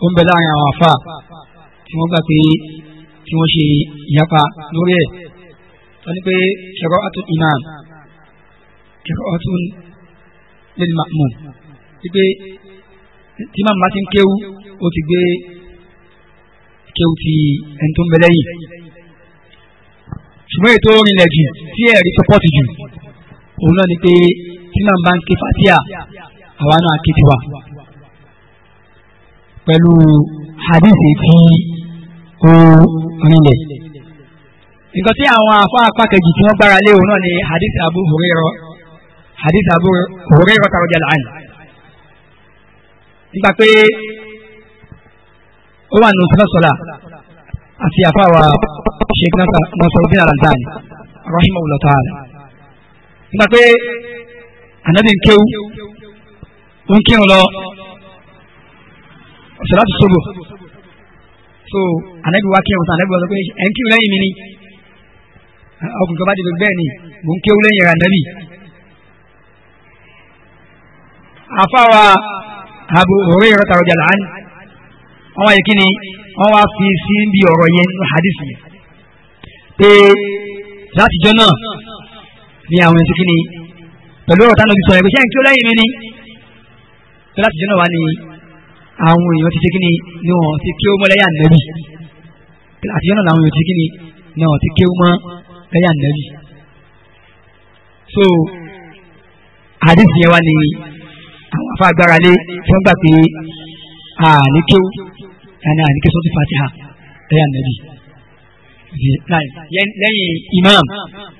ó ń bẹ láàrin àwọn àfa tí wọ́n gbà pé tí wọ́n ṣe ìyapa lórí ẹ̀ wọ́n ní pé ṣẹ̀rọ àtún imam ṣẹ̀rọ àtún lil ma'mum wípé tí màmú bá ti ń kéwú ó ti gbé kéwú ti ẹni tó ń bẹ lẹ́yìn ṣùgbọ́n ètò orin lẹ̀ jù tí ẹ̀rí sọpọ́tì jù òun náà ni pé tí màmú bá ń ké fatia àwa náà ké tiwa pẹ̀lú hadithi tí ó rinlẹ̀. nǹkan tí àwọn afá apákejì tí wọ́n gbára lé òun náà ni hadithi Abu Hurairah hadithi Abu Hurairah tàwọn jẹ́ láàyè. nígbà pé ó wà nù sọ́sọ́lá àti afá wa Sheikh Nasruddin Al-Albani rahimahullah ta'ala. nígbà pé anabi ń kírun lọ ṣàlátù sóbò so anabi wa kírun anabi wa sọ pé ẹ̀ ń kírun lẹ́yìn mi ni ọkùnrin kan bá dìbò bẹ́ẹ̀ ni mò ń kéwú lẹ́yìn anabi. àfàwà Abu Hurairah radiyallahu anhu wọn yìí kíni wọn wá fi sí bí ọ̀rọ̀ yẹn nínú hadith yẹn pé látijọ́ náà ni àwọn ẹ̀sìn kíni pẹ̀lú ọ̀rọ̀ táwọn ọ̀gbìn sọ̀rọ̀ ẹ̀gbẹ́ sẹ́yìn kí ó lẹ́yìn mi ni tó láti jẹ́ náà wá ní àwọn èèyàn ti ṣe kí ni ni wọn ti kí ó mọ́ lẹ́yà nẹ́bì àtijọ́ náà làwọn èèyàn ti ṣe kí ni ni wọn ti kí ó mọ́ lẹ́yà nẹ́bì. so hadith yẹn wá ní àwọn afá agbára lé tí wọ́n gbà pé àní kí ó yàní àní kí ó sọ́tún fatiha lẹ́yà nẹ́bì lẹ́yìn imam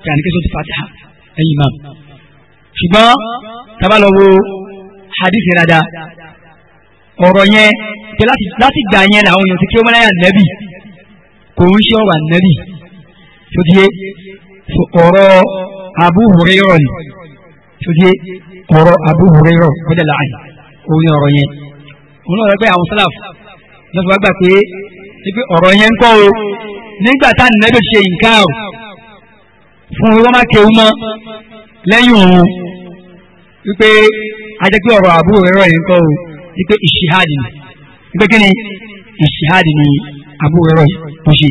yàní kí ó sọ́tún fatiha lẹ́yìn imam ṣùgbọ́n tábà lọ wo hadith rada ọ̀rọ̀ yẹn pé láti gbà yẹn làwọn èèyàn ti kí ó mọ́lá yà nẹ́bì kò ń ṣe ọ̀rọ̀ ànẹ́bì tó di ọ̀rọ̀ Abu Hurairah ni tó di ọ̀rọ̀ Abu Hurairah kọjá láàyè òun ni ọ̀rọ̀ yẹn òun náà rẹ àwọn sálàf lọ sọ gbà pé ibi ọ̀rọ̀ yẹn ń kọ́ o nígbà tá nẹ́bì ṣe nǹkan o fún wọn má kéwu mọ́ lẹ́yìn òun wípé ajẹ́ pé ọ̀rọ̀ àbúrò rẹ̀ rọ̀ yìí ń kọ́ o ní pé ìṣìhádì ni ní pé kí ni ìṣìhádì ni àbúrò rẹ̀ tó ṣe.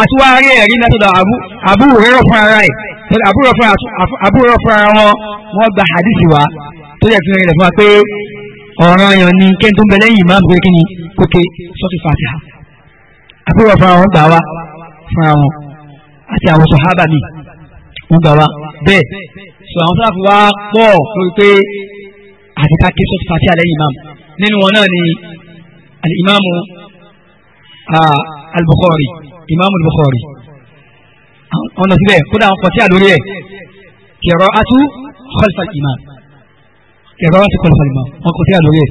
àtiwárí ẹ̀rí látọ̀dọ̀ àbúrò rẹ̀ fún ara ẹ̀ àbúrò rẹ̀ fún ara wọn wọ́n gba hadisi wa tó yẹ fún rẹ̀ fún wa pé ọ̀ràn yàn ni kẹ́ni tó ń bẹ lẹ́yìn ìmáàmù pé kí ni kókè sọ́tù fàtìhà àbúrò fún ara wọn gbà wá fún ara wọn àti àwọn sọ̀hábà mi wọ́n gbà wá bẹ́ẹ̀ sọ àwọn sáfù wa pọ̀ lórí pé àti ká kí sọ́tù fàtíà lẹ́yìn imam nínú wọn náà ni alimami al-Bukhari imam al-Bukhari àwọn ọ̀nà síbẹ̀ kódà àwọn kọ̀tí àlórí ẹ̀ kẹrọ atú khalfal imam kẹrọ atú khalfal imam wọn kọ̀tí àlórí ẹ̀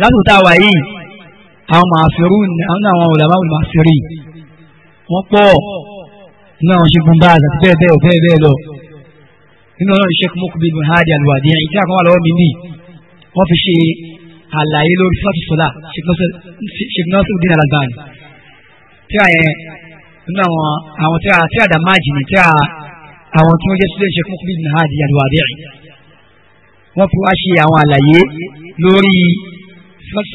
lásìkò tá a wà yìí àwọn màáfẹ́rù àwọn àwọn ulama màáfẹ́rì wọ́n pọ̀ ní àwọn ṣe gbọ́n bá bẹ́ẹ̀ bẹ́ẹ̀ bẹ́ẹ̀ bẹ́ẹ̀ lọ nínú ọlọ́run sheikh mokubin muhadi alwadi ẹ̀yìn tí a kọ́ wà lọ́wọ́ mi ní wọ́n fi ṣe àlàyé lórí sọ́ọ̀tù sọ́lá sheikh nasiru dín alagbani tí a yẹn nínú àwọn àwọn tí a tí a dà máàjì ni tí a àwọn tí wọ́n jẹ́ sílẹ̀ sheikh mokubin muhadi alwadi ẹ̀yìn wọ́n fi wá ṣe àwọn àlàyé lórí sọ́ọ̀tù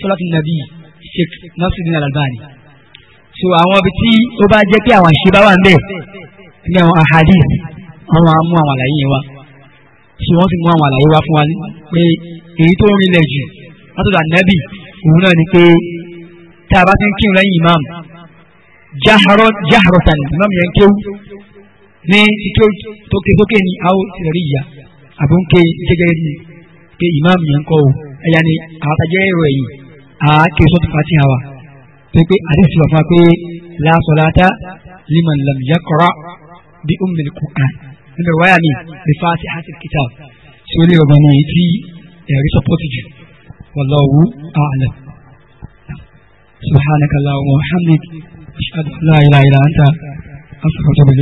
sọ́lá nàbí sheikh nasiru dín alagbani so àwọn ibi tí ó bá jẹ́ pé àwọn àṣìbá wà ń bẹ̀ ní àwọn ahadith àwọn amú àwọn àlàyé yẹn wá tí wọ́n sì mú àwọn àlàyé wá fún wa pé èyí tó rinlẹ̀ jù látọ̀dọ̀ ànábì òun náà ni pé tá a bá ti ń kírun lẹ́yìn ìmáàmù jáhárọ̀ jáhárọ̀ tani ìmáàmù yẹn ń kéwú ní kíkó tókè tókè ní àwọn ìrẹ̀rí ìyá àbí ń ké jẹ́gẹ́rẹ́ ní pé ìmáàmù yẹn ń kọ́ o ẹ̀yà ni àwọn àtàjẹ́ ẹ̀rọ ẹ̀yìn àáké sọ́tù fatiha wa pé pé àdéhùn ìwà fún wa pé la salata liman lam yaqra bi ummil Qur'an رواية بفاتحة الكتاب سولي وبني تي يعني والله أعلم سبحانك اللهم وبحمدك أشهد أن لا إله إلا أنت أستغفرك